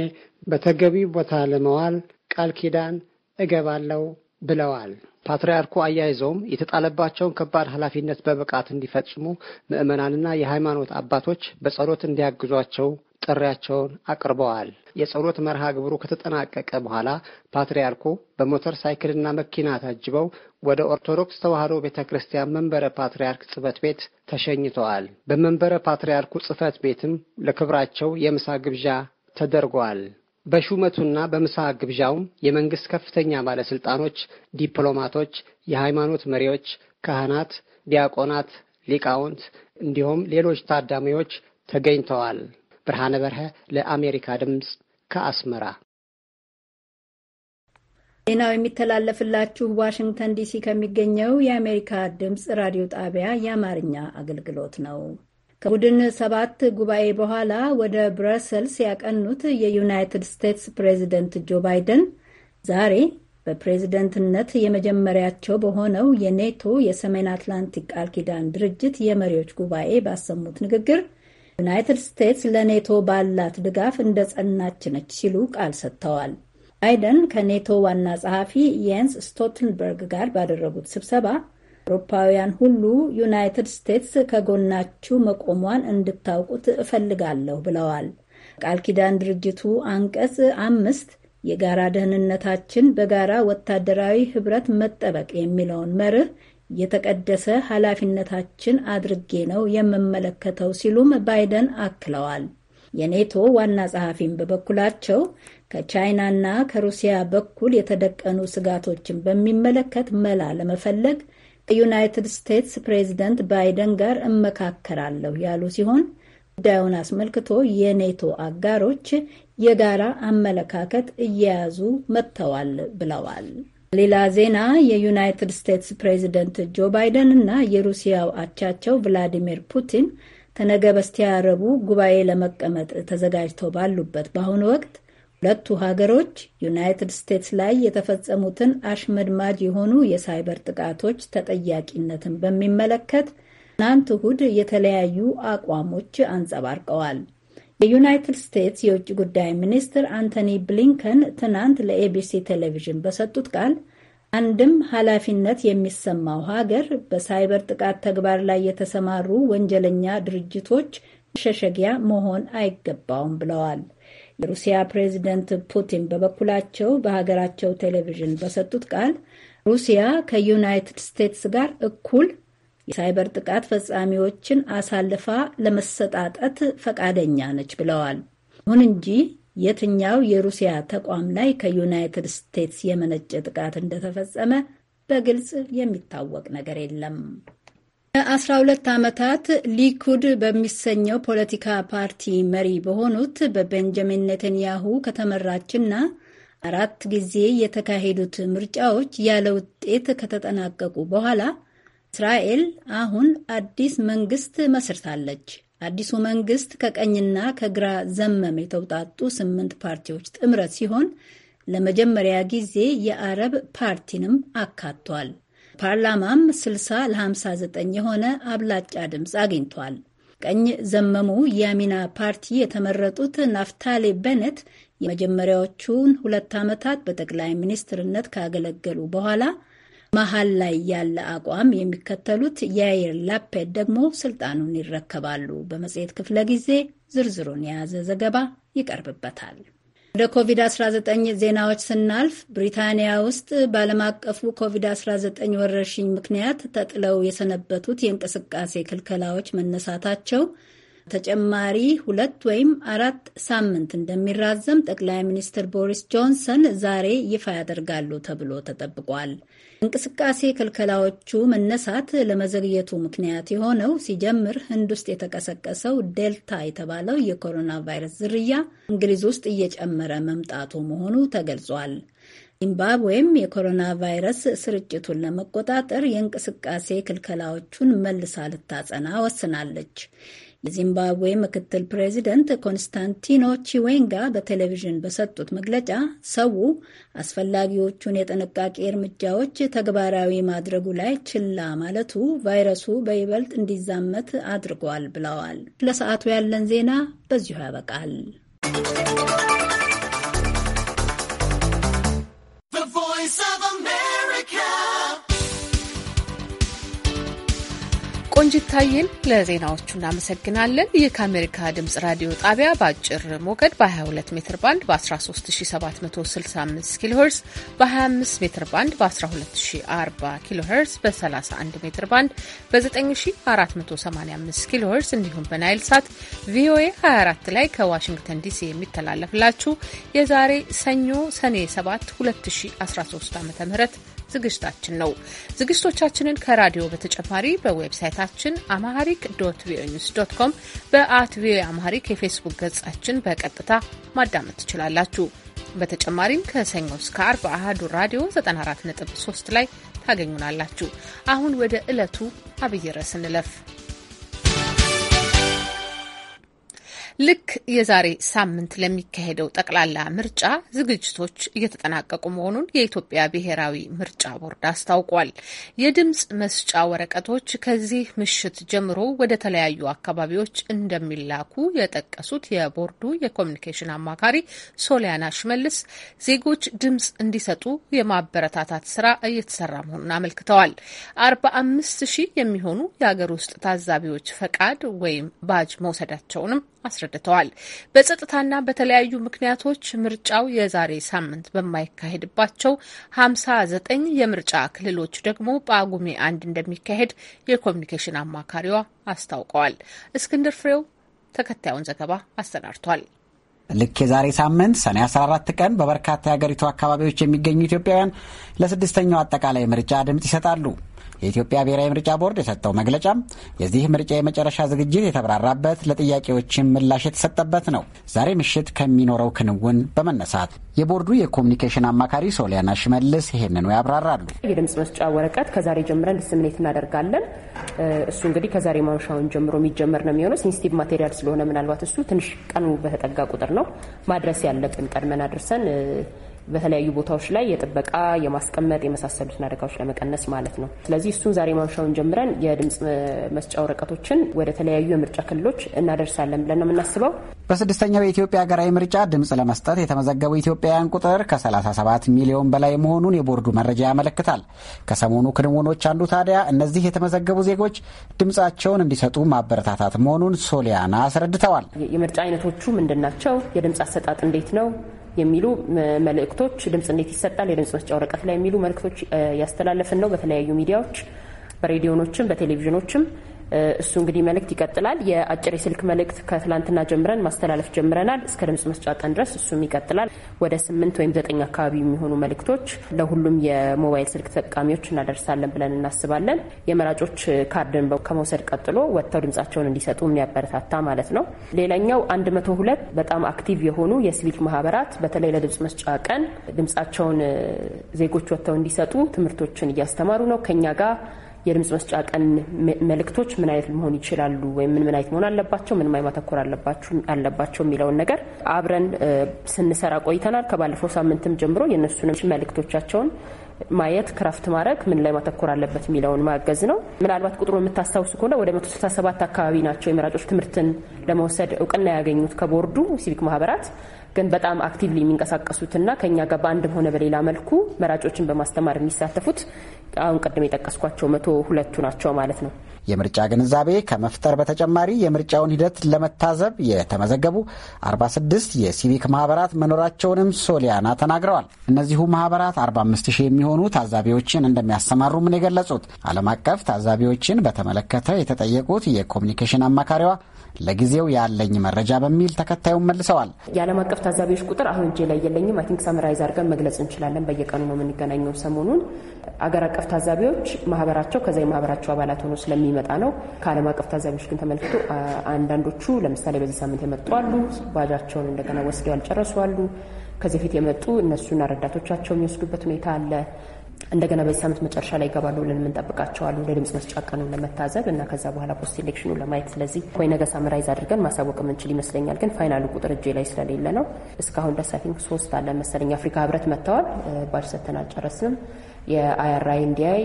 በተገቢ ቦታ ለመዋል ቃል ኪዳን እገባለሁ። ብለዋል። ፓትርያርኩ አያይዘውም የተጣለባቸውን ከባድ ኃላፊነት በብቃት እንዲፈጽሙ ምዕመናንና የሃይማኖት አባቶች በጸሎት እንዲያግዟቸው ጥሪያቸውን አቅርበዋል። የጸሎት መርሃ ግብሩ ከተጠናቀቀ በኋላ ፓትርያርኩ በሞተር ሳይክልና መኪና ታጅበው ወደ ኦርቶዶክስ ተዋሕዶ ቤተ ክርስቲያን መንበረ ፓትርያርክ ጽሕፈት ቤት ተሸኝተዋል። በመንበረ ፓትርያርኩ ጽሕፈት ቤትም ለክብራቸው የምሳ ግብዣ ተደርጓል። በሹመቱና በምሳ ግብዣውም የመንግስት ከፍተኛ ባለስልጣኖች ዲፕሎማቶች፣ የሃይማኖት መሪዎች፣ ካህናት፣ ዲያቆናት፣ ሊቃውንት እንዲሁም ሌሎች ታዳሚዎች ተገኝተዋል። ብርሃነ በርሀ ለአሜሪካ ድምፅ ከአስመራ ዜናው የሚተላለፍላችሁ ዋሽንግተን ዲሲ ከሚገኘው የአሜሪካ ድምፅ ራዲዮ ጣቢያ የአማርኛ አገልግሎት ነው። ከቡድን ሰባት ጉባኤ በኋላ ወደ ብረሰልስ ያቀኑት የዩናይትድ ስቴትስ ፕሬዚደንት ጆ ባይደን ዛሬ በፕሬዝደንትነት የመጀመሪያቸው በሆነው የኔቶ የሰሜን አትላንቲክ ቃል ኪዳን ድርጅት የመሪዎች ጉባኤ ባሰሙት ንግግር ዩናይትድ ስቴትስ ለኔቶ ባላት ድጋፍ እንደ ጸናች ነች ሲሉ ቃል ሰጥተዋል። ባይደን ከኔቶ ዋና ጸሐፊ የንስ ስቶልተንበርግ ጋር ባደረጉት ስብሰባ አውሮፓውያን ሁሉ ዩናይትድ ስቴትስ ከጎናችሁ መቆሟን እንድታውቁት እፈልጋለሁ ብለዋል። ቃል ኪዳን ድርጅቱ አንቀጽ አምስት የጋራ ደህንነታችን በጋራ ወታደራዊ ህብረት መጠበቅ የሚለውን መርህ የተቀደሰ ኃላፊነታችን አድርጌ ነው የምመለከተው ሲሉም ባይደን አክለዋል። የኔቶ ዋና ጸሐፊም በበኩላቸው ከቻይናና ከሩሲያ በኩል የተደቀኑ ስጋቶችን በሚመለከት መላ ለመፈለግ ከዩናይትድ ስቴትስ ፕሬዚደንት ባይደን ጋር እመካከራለሁ ያሉ ሲሆን ጉዳዩን አስመልክቶ የኔቶ አጋሮች የጋራ አመለካከት እየያዙ መጥተዋል ብለዋል። ሌላ ዜና የዩናይትድ ስቴትስ ፕሬዚደንት ጆ ባይደን እና የሩሲያው አቻቸው ቭላዲሚር ፑቲን ከነገ በስቲያ ረቡዕ ጉባኤ ለመቀመጥ ተዘጋጅተው ባሉበት በአሁኑ ወቅት ሁለቱ ሀገሮች ዩናይትድ ስቴትስ ላይ የተፈጸሙትን አሽመድማጅ የሆኑ የሳይበር ጥቃቶች ተጠያቂነትን በሚመለከት ትናንት እሁድ የተለያዩ አቋሞች አንጸባርቀዋል። የዩናይትድ ስቴትስ የውጭ ጉዳይ ሚኒስትር አንቶኒ ብሊንከን ትናንት ለኤቢሲ ቴሌቪዥን በሰጡት ቃል አንድም ኃላፊነት የሚሰማው ሀገር በሳይበር ጥቃት ተግባር ላይ የተሰማሩ ወንጀለኛ ድርጅቶች መሸሸጊያ መሆን አይገባውም ብለዋል። የሩሲያ ፕሬዚደንት ፑቲን በበኩላቸው በሀገራቸው ቴሌቪዥን በሰጡት ቃል ሩሲያ ከዩናይትድ ስቴትስ ጋር እኩል የሳይበር ጥቃት ፈጻሚዎችን አሳልፋ ለመሰጣጠት ፈቃደኛ ነች ብለዋል። ይሁን እንጂ የትኛው የሩሲያ ተቋም ላይ ከዩናይትድ ስቴትስ የመነጨ ጥቃት እንደተፈጸመ በግልጽ የሚታወቅ ነገር የለም። ለአስራ ሁለት ዓመታት ሊኩድ በሚሰኘው ፖለቲካ ፓርቲ መሪ በሆኑት በቤንጃሚን ኔተንያሁ ከተመራችና አራት ጊዜ የተካሄዱት ምርጫዎች ያለ ውጤት ከተጠናቀቁ በኋላ እስራኤል አሁን አዲስ መንግስት መስርታለች። አዲሱ መንግስት ከቀኝና ከግራ ዘመም የተውጣጡ ስምንት ፓርቲዎች ጥምረት ሲሆን ለመጀመሪያ ጊዜ የአረብ ፓርቲንም አካቷል። ፓርላማም 60 ለ59 የሆነ አብላጫ ድምፅ አግኝቷል። ቀኝ ዘመሙ የአሚና ፓርቲ የተመረጡት ናፍታሌ በኔት የመጀመሪያዎቹን ሁለት ዓመታት በጠቅላይ ሚኒስትርነት ካገለገሉ በኋላ መሀል ላይ ያለ አቋም የሚከተሉት ያይር ላፔድ ደግሞ ስልጣኑን ይረከባሉ። በመጽሔት ክፍለ ጊዜ ዝርዝሩን የያዘ ዘገባ ይቀርብበታል። ወደ ኮቪድ-19 ዜናዎች ስናልፍ ብሪታንያ ውስጥ በዓለም አቀፉ ኮቪድ-19 ወረርሽኝ ምክንያት ተጥለው የሰነበቱት የእንቅስቃሴ ክልከላዎች መነሳታቸው ተጨማሪ ሁለት ወይም አራት ሳምንት እንደሚራዘም ጠቅላይ ሚኒስትር ቦሪስ ጆንሰን ዛሬ ይፋ ያደርጋሉ ተብሎ ተጠብቋል። እንቅስቃሴ ክልከላዎቹ መነሳት ለመዘግየቱ ምክንያት የሆነው ሲጀምር ህንድ ውስጥ የተቀሰቀሰው ዴልታ የተባለው የኮሮና ቫይረስ ዝርያ እንግሊዝ ውስጥ እየጨመረ መምጣቱ መሆኑ ተገልጿል። ዚምባብዌም የኮሮና ቫይረስ ስርጭቱን ለመቆጣጠር የእንቅስቃሴ ክልከላዎቹን መልሳ ልታጸና ወስናለች። የዚምባብዌ ምክትል ፕሬዚደንት ኮንስታንቲኖ ቺዌንጋ በቴሌቪዥን በሰጡት መግለጫ ሰው አስፈላጊዎቹን የጥንቃቄ እርምጃዎች ተግባራዊ ማድረጉ ላይ ችላ ማለቱ ቫይረሱ በይበልጥ እንዲዛመት አድርጓል ብለዋል። ለሰዓቱ ያለን ዜና በዚሁ ያበቃል። ቆንጅታዬን ለዜናዎቹ እናመሰግናለን። ይህ ከአሜሪካ ድምጽ ራዲዮ ጣቢያ በአጭር ሞገድ በ22 ሜትር ባንድ በ13765 ኪሎ ሄርዝ በ25 ሜትር ባንድ በ1240 ኪሎ ሄርዝ በ31 ሜትር ባንድ በ9485 ኪሎ ሄርዝ እንዲሁም በናይል ሳት ቪኦኤ 24 ላይ ከዋሽንግተን ዲሲ የሚተላለፍላችሁ የዛሬ ሰኞ ሰኔ 7 2013 ዓ ም ዝግጅታችን ነው። ዝግጅቶቻችንን ከራዲዮ በተጨማሪ በዌብሳይታችን አማሃሪክ ዶት ቪኦኤ ኒውስ ዶት ኮም፣ በአት ቪኦኤ አማሃሪክ የፌስቡክ ገጻችን በቀጥታ ማዳመጥ ትችላላችሁ። በተጨማሪም ከሰኞ እስከ አርብ አህዱ ራዲዮ 94.3 ላይ ታገኙናላችሁ። አሁን ወደ ዕለቱ አብይ ርዕስ እንለፍ። ልክ የዛሬ ሳምንት ለሚካሄደው ጠቅላላ ምርጫ ዝግጅቶች እየተጠናቀቁ መሆኑን የኢትዮጵያ ብሔራዊ ምርጫ ቦርድ አስታውቋል። የድምፅ መስጫ ወረቀቶች ከዚህ ምሽት ጀምሮ ወደ ተለያዩ አካባቢዎች እንደሚላኩ የጠቀሱት የቦርዱ የኮሚኒኬሽን አማካሪ ሶሊያና ሽመልስ ዜጎች ድምፅ እንዲሰጡ የማበረታታት ስራ እየተሰራ መሆኑን አመልክተዋል። አርባ አምስት ሺህ የሚሆኑ የሀገር ውስጥ ታዛቢዎች ፈቃድ ወይም ባጅ መውሰዳቸውንም አስረድተዋል። በጸጥታና በተለያዩ ምክንያቶች ምርጫው የዛሬ ሳምንት በማይካሄድባቸው ሀምሳ ዘጠኝ የምርጫ ክልሎች ደግሞ በጳጉሜ አንድ እንደሚካሄድ የኮሚኒኬሽን አማካሪዋ አስታውቀዋል። እስክንድር ፍሬው ተከታዩን ዘገባ አሰናድቷል። ልክ የዛሬ ሳምንት ሰኔ 14 ቀን በበርካታ የአገሪቱ አካባቢዎች የሚገኙ ኢትዮጵያውያን ለስድስተኛው አጠቃላይ ምርጫ ድምፅ ይሰጣሉ። የኢትዮጵያ ብሔራዊ ምርጫ ቦርድ የሰጠው መግለጫም የዚህ ምርጫ የመጨረሻ ዝግጅት የተብራራበት፣ ለጥያቄዎችም ምላሽ የተሰጠበት ነው። ዛሬ ምሽት ከሚኖረው ክንውን በመነሳት የቦርዱ የኮሚኒኬሽን አማካሪ ሶሊያና ሽመልስ ይህንኑ ያብራራሉ። የድምጽ መስጫ ወረቀት ከዛሬ ጀምረን ዲስሚኔት እናደርጋለን። እሱ እንግዲህ ከዛሬ ማምሻውን ጀምሮ የሚጀመር ነው የሚሆነው። ሴንሲቲቭ ማቴሪያል ስለሆነ ምናልባት እሱ ትንሽ ቀኑ በተጠጋ ቁጥር ነው ማድረስ ያለብን ቀድመን አድርሰን በተለያዩ ቦታዎች ላይ የጥበቃ የማስቀመጥ የመሳሰሉትን አደጋዎች ለመቀነስ ማለት ነው። ስለዚህ እሱን ዛሬ ማምሻውን ጀምረን የድምፅ መስጫ ወረቀቶችን ወደ ተለያዩ የምርጫ ክልሎች እናደርሳለን ብለን ነው የምናስበው። በስድስተኛው የኢትዮጵያ ሀገራዊ ምርጫ ድምፅ ለመስጠት የተመዘገቡ ኢትዮጵያውያን ቁጥር ከ37 ሚሊዮን በላይ መሆኑን የቦርዱ መረጃ ያመለክታል። ከሰሞኑ ክንውኖች አንዱ ታዲያ እነዚህ የተመዘገቡ ዜጎች ድምፃቸውን እንዲሰጡ ማበረታታት መሆኑን ሶሊያና አስረድተዋል። የምርጫ አይነቶቹ ምንድን ናቸው? የድምፅ አሰጣጥ እንዴት ነው? የሚሉ መልእክቶች ድምጽ እንዴት ይሰጣል የድምጽ መስጫ ወረቀት ላይ የሚሉ መልእክቶች ያስተላለፍን ነው በተለያዩ ሚዲያዎች በሬዲዮኖችም በቴሌቪዥኖችም እሱ እንግዲህ መልእክት ይቀጥላል። የአጭር የስልክ መልእክት ከትላንትና ጀምረን ማስተላለፍ ጀምረናል። እስከ ድምጽ መስጫ ቀን ድረስ እሱም ይቀጥላል። ወደ ስምንት ወይም ዘጠኝ አካባቢ የሚሆኑ መልእክቶች ለሁሉም የሞባይል ስልክ ተጠቃሚዎች እናደርሳለን ብለን እናስባለን። የመራጮች ካርድን ከመውሰድ ቀጥሎ ወጥተው ድምጻቸውን እንዲሰጡ የሚያበረታታ ማለት ነው። ሌላኛው አንድ መቶ ሁለት በጣም አክቲቭ የሆኑ የሲቪክ ማህበራት በተለይ ለድምጽ መስጫ ቀን ድምጻቸውን ዜጎች ወጥተው እንዲሰጡ ትምህርቶችን እያስተማሩ ነው ከኛ ጋር የድምፅ መስጫ ቀን መልእክቶች ምን አይነት መሆን ይችላሉ ወይም ምን ምን አይነት መሆን አለባቸው፣ ምን ማይ ማተኮር አለባቸው የሚለውን ነገር አብረን ስንሰራ ቆይተናል። ከባለፈው ሳምንትም ጀምሮ የእነሱን መልእክቶቻቸውን ማየት ክራፍት ማድረግ ምን ላይ ማተኮር አለበት የሚለውን ማገዝ ነው። ምናልባት ቁጥሩ የምታስታውስ ከሆነ ወደ 167 አካባቢ ናቸው የመራጮች ትምህርትን ለመውሰድ እውቅና ያገኙት ከቦርዱ ሲቪክ ማህበራት ግን በጣም አክቲቭሊ የሚንቀሳቀሱትና ከኛ ጋር በአንድም ሆነ በሌላ መልኩ መራጮችን በማስተማር የሚሳተፉት አሁን ቅድም የጠቀስኳቸው መቶ ሁለቱ ናቸው ማለት ነው። የምርጫ ግንዛቤ ከመፍጠር በተጨማሪ የምርጫውን ሂደት ለመታዘብ የተመዘገቡ 46 የሲቪክ ማህበራት መኖራቸውንም ሶሊያና ተናግረዋል። እነዚሁ ማህበራት 45 ሺህ የሚሆኑ ታዛቢዎችን እንደሚያሰማሩ ምን የገለጹት። ዓለም አቀፍ ታዛቢዎችን በተመለከተ የተጠየቁት የኮሚኒኬሽን አማካሪዋ ለጊዜው ያለኝ መረጃ በሚል ተከታዩን መልሰዋል። የዓለም አቀፍ ታዛቢዎች ቁጥር አሁን እጄ ላይ የለኝም። አይ ቲንክ ሳምራይዝ አድርገን መግለጽ እንችላለን። በየቀኑ ነው የምንገናኘው። ሰሞኑን አገር አቀፍ ታዛቢዎች ማህበራቸው ከዛ የማህበራቸው አባላት ሆኖ ስለሚመጣ ነው። ከዓለም አቀፍ ታዛቢዎች ግን ተመልክቶ አንዳንዶቹ ለምሳሌ በዚህ ሳምንት የመጡ አሉ። ባጃቸውን እንደገና ወስደው ያልጨረሱ አሉ። ከዚህ ፊት የመጡ እነሱና ረዳቶቻቸው የሚወስዱበት ሁኔታ አለ። እንደገና በዚህ ዓመት መጨረሻ ላይ ይገባሉ ብለን የምንጠብቃቸዋለን ወደ ድምጽ መስጫ ቀኑን ለመታዘብ እና ከዛ በኋላ ፖስት ኢሌክሽኑ ለማየት። ስለዚህ ወይ ነገ ሳምራይዝ አድርገን ማሳወቅ የምንችል ይመስለኛል። ግን ፋይናሉ ቁጥር እጄ ላይ ስለሌለ ነው። እስካሁን ደስ አይ ቲንክ ሶስት አለ መሰለኝ አፍሪካ ህብረት መጥተዋል። ባጅ ሰተን አልጨረስንም። የአይአርአይ እንዲያይ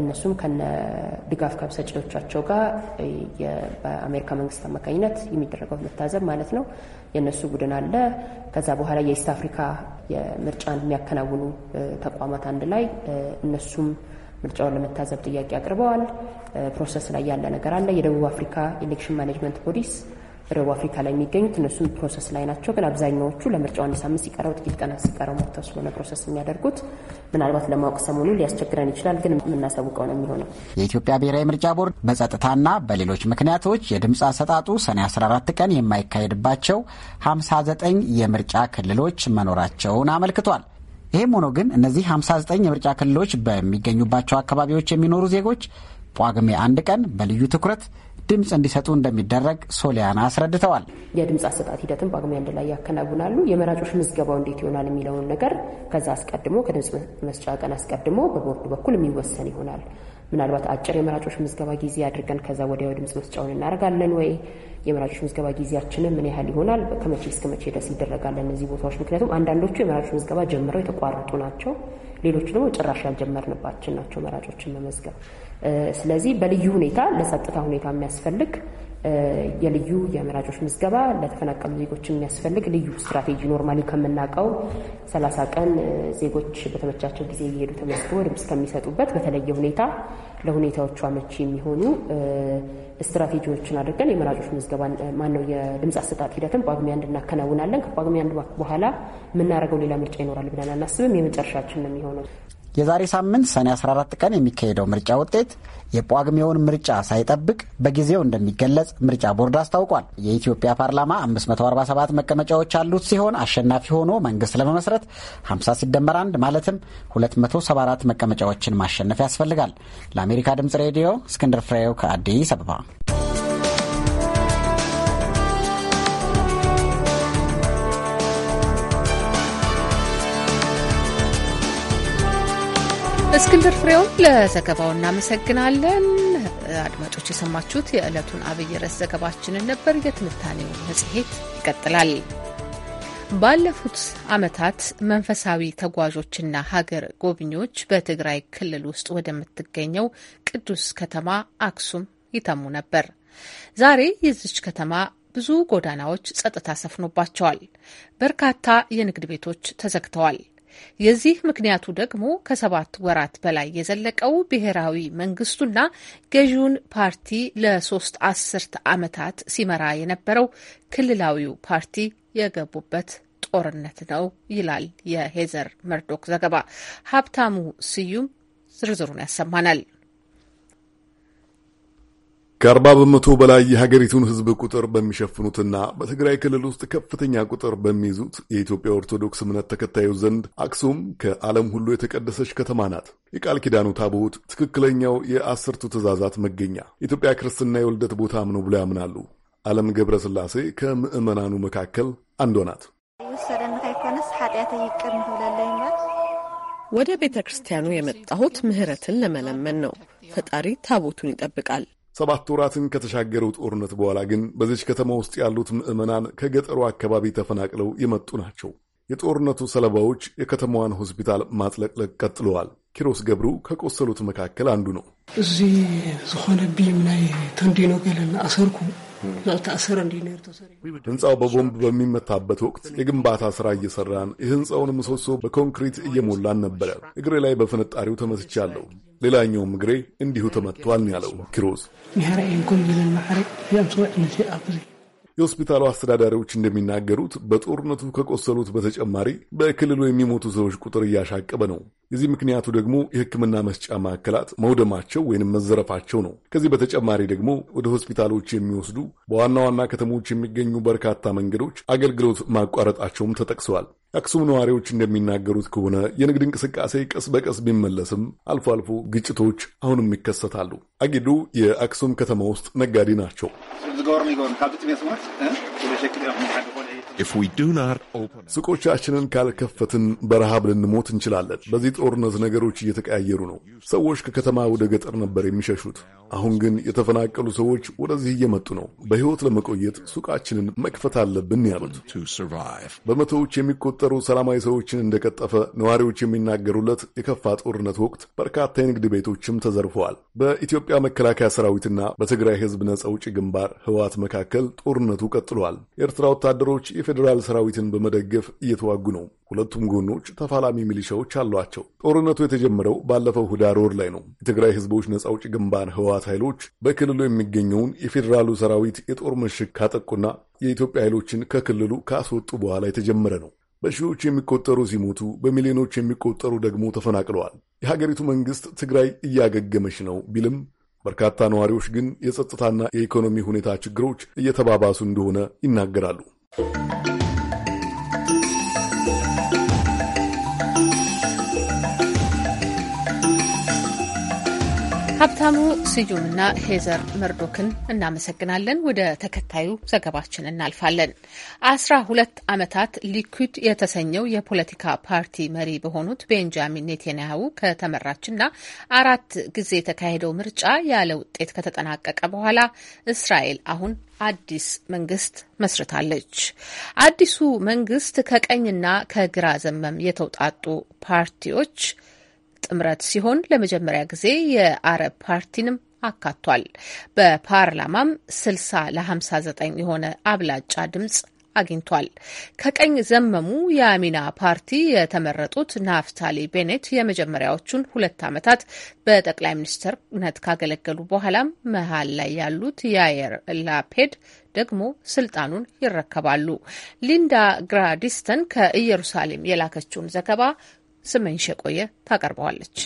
እነሱም ከነ ድጋፍ ከብሰጪዎቻቸው ጋር በአሜሪካ መንግስት አማካኝነት የሚደረገው መታዘብ ማለት ነው። የእነሱ ቡድን አለ። ከዛ በኋላ የኢስት አፍሪካ የምርጫን የሚያከናውኑ ተቋማት አንድ ላይ እነሱም ምርጫውን ለመታዘብ ጥያቄ አቅርበዋል። ፕሮሰስ ላይ ያለ ነገር አለ። የደቡብ አፍሪካ ኤሌክሽን ማኔጅመንት ፖሊስ። ደቡብ አፍሪካ ላይ የሚገኙት እነሱም ፕሮሰስ ላይ ናቸው። ግን አብዛኛዎቹ ለምርጫው አንድ ሳምንት ሲቀረው ጥቂት ቀናት ሲቀረው ሞተው ስለሆነ ፕሮሰስ የሚያደርጉት ምናልባት ለማወቅ ሰሞኑ ሊያስቸግረን ይችላል። ግን የምናሳውቀው ነው የሚሆነው። የኢትዮጵያ ብሔራዊ ምርጫ ቦርድ በጸጥታና በሌሎች ምክንያቶች የድምፅ አሰጣጡ ሰኔ 14 ቀን የማይካሄድባቸው 59 የምርጫ ክልሎች መኖራቸውን አመልክቷል። ይህም ሆኖ ግን እነዚህ 59 የምርጫ ክልሎች በሚገኙባቸው አካባቢዎች የሚኖሩ ዜጎች ጳጉሜ አንድ ቀን በልዩ ትኩረት ድምፅ እንዲሰጡ እንደሚደረግ ሶሊያና አስረድተዋል። የድምፅ አሰጣት ሂደትን በአቅሚ አንድ ላይ ያከናውናሉ። የመራጮች ምዝገባው እንዴት ይሆናል የሚለውን ነገር ከዛ አስቀድሞ ከድምፅ መስጫ ቀን አስቀድሞ በቦርዱ በኩል የሚወሰን ይሆናል። ምናልባት አጭር የመራጮች ምዝገባ ጊዜ አድርገን ከዛ ወዲያው ድምፅ መስጫውን እናደርጋለን ወይ? የመራጮች ምዝገባ ጊዜያችንን ምን ያህል ይሆናል? ከመቼ እስከ መቼ ደስ ይደረጋል እነዚህ ቦታዎች? ምክንያቱም አንዳንዶቹ የመራጮች ምዝገባ ጀምረው የተቋረጡ ናቸው። ሌሎቹ ደግሞ ጭራሽ ያልጀመርንባችን ናቸው መራጮችን መመዝገብ ስለዚህ በልዩ ሁኔታ ለጸጥታ ሁኔታ የሚያስፈልግ የልዩ የመራጮች ምዝገባ ለተፈናቀሉ ዜጎች የሚያስፈልግ ልዩ ስትራቴጂ ኖርማሊ ከምናውቀው ሰላሳ ቀን ዜጎች በተመቻቸው ጊዜ እየሄዱ ተመዝግቦ ድምፅ ከሚሰጡበት በተለየ ሁኔታ ለሁኔታዎቹ አመቺ የሚሆኑ ስትራቴጂዎችን አድርገን የመራጮች ምዝገባ ማነው የድምፅ አሰጣጥ ሂደትን ጳጉሜ አንድ እናከናውናለን። ከጳጉሜ አንድ በኋላ የምናደርገው ሌላ ምርጫ ይኖራል ብለን አናስብም። የመጨረሻችን ነው የሚሆነው። የዛሬ ሳምንት ሰኔ 14 ቀን የሚካሄደው ምርጫ ውጤት የጳጉሜውን ምርጫ ሳይጠብቅ በጊዜው እንደሚገለጽ ምርጫ ቦርድ አስታውቋል። የኢትዮጵያ ፓርላማ 547 መቀመጫዎች ያሉት ሲሆን አሸናፊ ሆኖ መንግስት ለመመስረት 50 ሲደመር 1 ማለትም 274 መቀመጫዎችን ማሸነፍ ያስፈልጋል። ለአሜሪካ ድምጽ ሬዲዮ እስክንድር ፍሬው ከአዲስ አበባ እስክንድር ፍሬውን ለዘገባው እናመሰግናለን። አድማጮች የሰማችሁት የዕለቱን አብይ ርዕስ ዘገባችንን ነበር። የትንታኔው መጽሔት ይቀጥላል። ባለፉት ዓመታት መንፈሳዊ ተጓዦችና ሀገር ጎብኚዎች በትግራይ ክልል ውስጥ ወደምትገኘው ቅዱስ ከተማ አክሱም ይተሙ ነበር። ዛሬ የዚች ከተማ ብዙ ጎዳናዎች ጸጥታ ሰፍኖባቸዋል። በርካታ የንግድ ቤቶች ተዘግተዋል። የዚህ ምክንያቱ ደግሞ ከሰባት ወራት በላይ የዘለቀው ብሔራዊ መንግስቱና ገዢውን ፓርቲ ለሶስት አስርት ዓመታት ሲመራ የነበረው ክልላዊው ፓርቲ የገቡበት ጦርነት ነው ይላል የሄዘር መርዶክ ዘገባ። ሀብታሙ ስዩም ዝርዝሩን ያሰማናል። ከአርባ በመቶ በላይ የሀገሪቱን ሕዝብ ቁጥር በሚሸፍኑትና በትግራይ ክልል ውስጥ ከፍተኛ ቁጥር በሚይዙት የኢትዮጵያ ኦርቶዶክስ እምነት ተከታዮች ዘንድ አክሱም ከዓለም ሁሉ የተቀደሰች ከተማ ናት። የቃል ኪዳኑ ታቦት ትክክለኛው የአስርቱ ትእዛዛት መገኛ፣ ኢትዮጵያ ክርስትና የውልደት ቦታም ነው ብሎ ያምናሉ። ዓለም ገብረ ስላሴ ከምዕመናኑ መካከል አንዷ ናት። ወደ ቤተ ክርስቲያኑ የመጣሁት ምሕረትን ለመለመን ነው። ፈጣሪ ታቦቱን ይጠብቃል ሰባት ወራትን ከተሻገረው ጦርነት በኋላ ግን በዚች ከተማ ውስጥ ያሉት ምዕመናን ከገጠሩ አካባቢ ተፈናቅለው የመጡ ናቸው። የጦርነቱ ሰለባዎች የከተማዋን ሆስፒታል ማጥለቅለቅ ቀጥለዋል። ኪሮስ ገብሩ ከቆሰሉት መካከል አንዱ ነው። እዚ ዝኾነ ብይም ናይ ተንዲኖ ገለን አሰርኩ ህንፃው በቦምብ በሚመታበት ወቅት የግንባታ ስራ እየሰራን የህንፃውን ምሰሶ በኮንክሪት እየሞላን ነበረ። እግሬ ላይ በፍንጣሪው ተመስቻለሁ። ሌላኛውም እግሬ እንዲሁ ተመቷል ያለው ኪሮዝ የሆስፒታሉ አስተዳዳሪዎች እንደሚናገሩት በጦርነቱ ከቆሰሉት በተጨማሪ በክልሉ የሚሞቱ ሰዎች ቁጥር እያሻቀበ ነው። የዚህ ምክንያቱ ደግሞ የሕክምና መስጫ ማዕከላት መውደማቸው ወይንም መዘረፋቸው ነው። ከዚህ በተጨማሪ ደግሞ ወደ ሆስፒታሎች የሚወስዱ በዋና ዋና ከተሞች የሚገኙ በርካታ መንገዶች አገልግሎት ማቋረጣቸውም ተጠቅሰዋል። የአክሱም ነዋሪዎች እንደሚናገሩት ከሆነ የንግድ እንቅስቃሴ ቀስ በቀስ ቢመለስም አልፎ አልፎ ግጭቶች አሁንም ይከሰታሉ። አጊዱ የአክሱም ከተማ ውስጥ ነጋዴ ናቸው። ሱቆቻችንን ካልከፈትን በረሃብ ልንሞት እንችላለን። በዚህ ጦርነት ነገሮች እየተቀያየሩ ነው። ሰዎች ከከተማ ወደ ገጠር ነበር የሚሸሹት። አሁን ግን የተፈናቀሉ ሰዎች ወደዚህ እየመጡ ነው። በሕይወት ለመቆየት ሱቃችንን መክፈት አለብን ያሉት በመቶዎች የሚቆጠሩ ሰላማዊ ሰዎችን እንደቀጠፈ ነዋሪዎች የሚናገሩለት የከፋ ጦርነት ወቅት በርካታ የንግድ ቤቶችም ተዘርፈዋል። በኢትዮጵያ መከላከያ ሰራዊትና በትግራይ ሕዝብ ነጻ አውጪ ግንባር ህወሓት መካከል ጦርነቱ ቀጥሏል። የኤርትራ ወታደሮች የፌዴራል ሰራዊትን በመደገፍ እየተዋጉ ነው። ሁለቱም ጎኖች ተፋላሚ ሚሊሻዎች አሏቸው። ጦርነቱ የተጀመረው ባለፈው ህዳር ወር ላይ ነው። የትግራይ ህዝቦች ነጻ አውጪ ግንባር ህወሓት ኃይሎች በክልሉ የሚገኘውን የፌዴራሉ ሰራዊት የጦር ምሽግ ካጠቁና የኢትዮጵያ ኃይሎችን ከክልሉ ካስወጡ በኋላ የተጀመረ ነው። በሺዎች የሚቆጠሩ ሲሞቱ በሚሊዮኖች የሚቆጠሩ ደግሞ ተፈናቅለዋል። የሀገሪቱ መንግስት ትግራይ እያገገመች ነው ቢልም በርካታ ነዋሪዎች ግን የጸጥታና የኢኮኖሚ ሁኔታ ችግሮች እየተባባሱ እንደሆነ ይናገራሉ። Thank you. ሀብታሙ ስዩምና ሄዘር መርዶክን እናመሰግናለን። ወደ ተከታዩ ዘገባችን እናልፋለን። አስራ ሁለት ዓመታት ሊኩድ የተሰኘው የፖለቲካ ፓርቲ መሪ በሆኑት ቤንጃሚን ኔቴንያሁ ከተመራችና አራት ጊዜ የተካሄደው ምርጫ ያለ ውጤት ከተጠናቀቀ በኋላ እስራኤል አሁን አዲስ መንግስት መስርታለች። አዲሱ መንግስት ከቀኝና ከግራ ዘመም የተውጣጡ ፓርቲዎች ጥምረት ሲሆን ለመጀመሪያ ጊዜ የአረብ ፓርቲንም አካቷል። በፓርላማም 60 ለ59 የሆነ አብላጫ ድምጽ አግኝቷል። ከቀኝ ዘመሙ የአሚና ፓርቲ የተመረጡት ናፍታሊ ቤኔት የመጀመሪያዎቹን ሁለት ዓመታት በጠቅላይ ሚኒስትርነት ካገለገሉ በኋላም መሀል ላይ ያሉት የአየር ላፔድ ደግሞ ስልጣኑን ይረከባሉ። ሊንዳ ግራዲስተን ከኢየሩሳሌም የላከችውን ዘገባ ስመኝሽ የቆየ ታቀርበዋለች።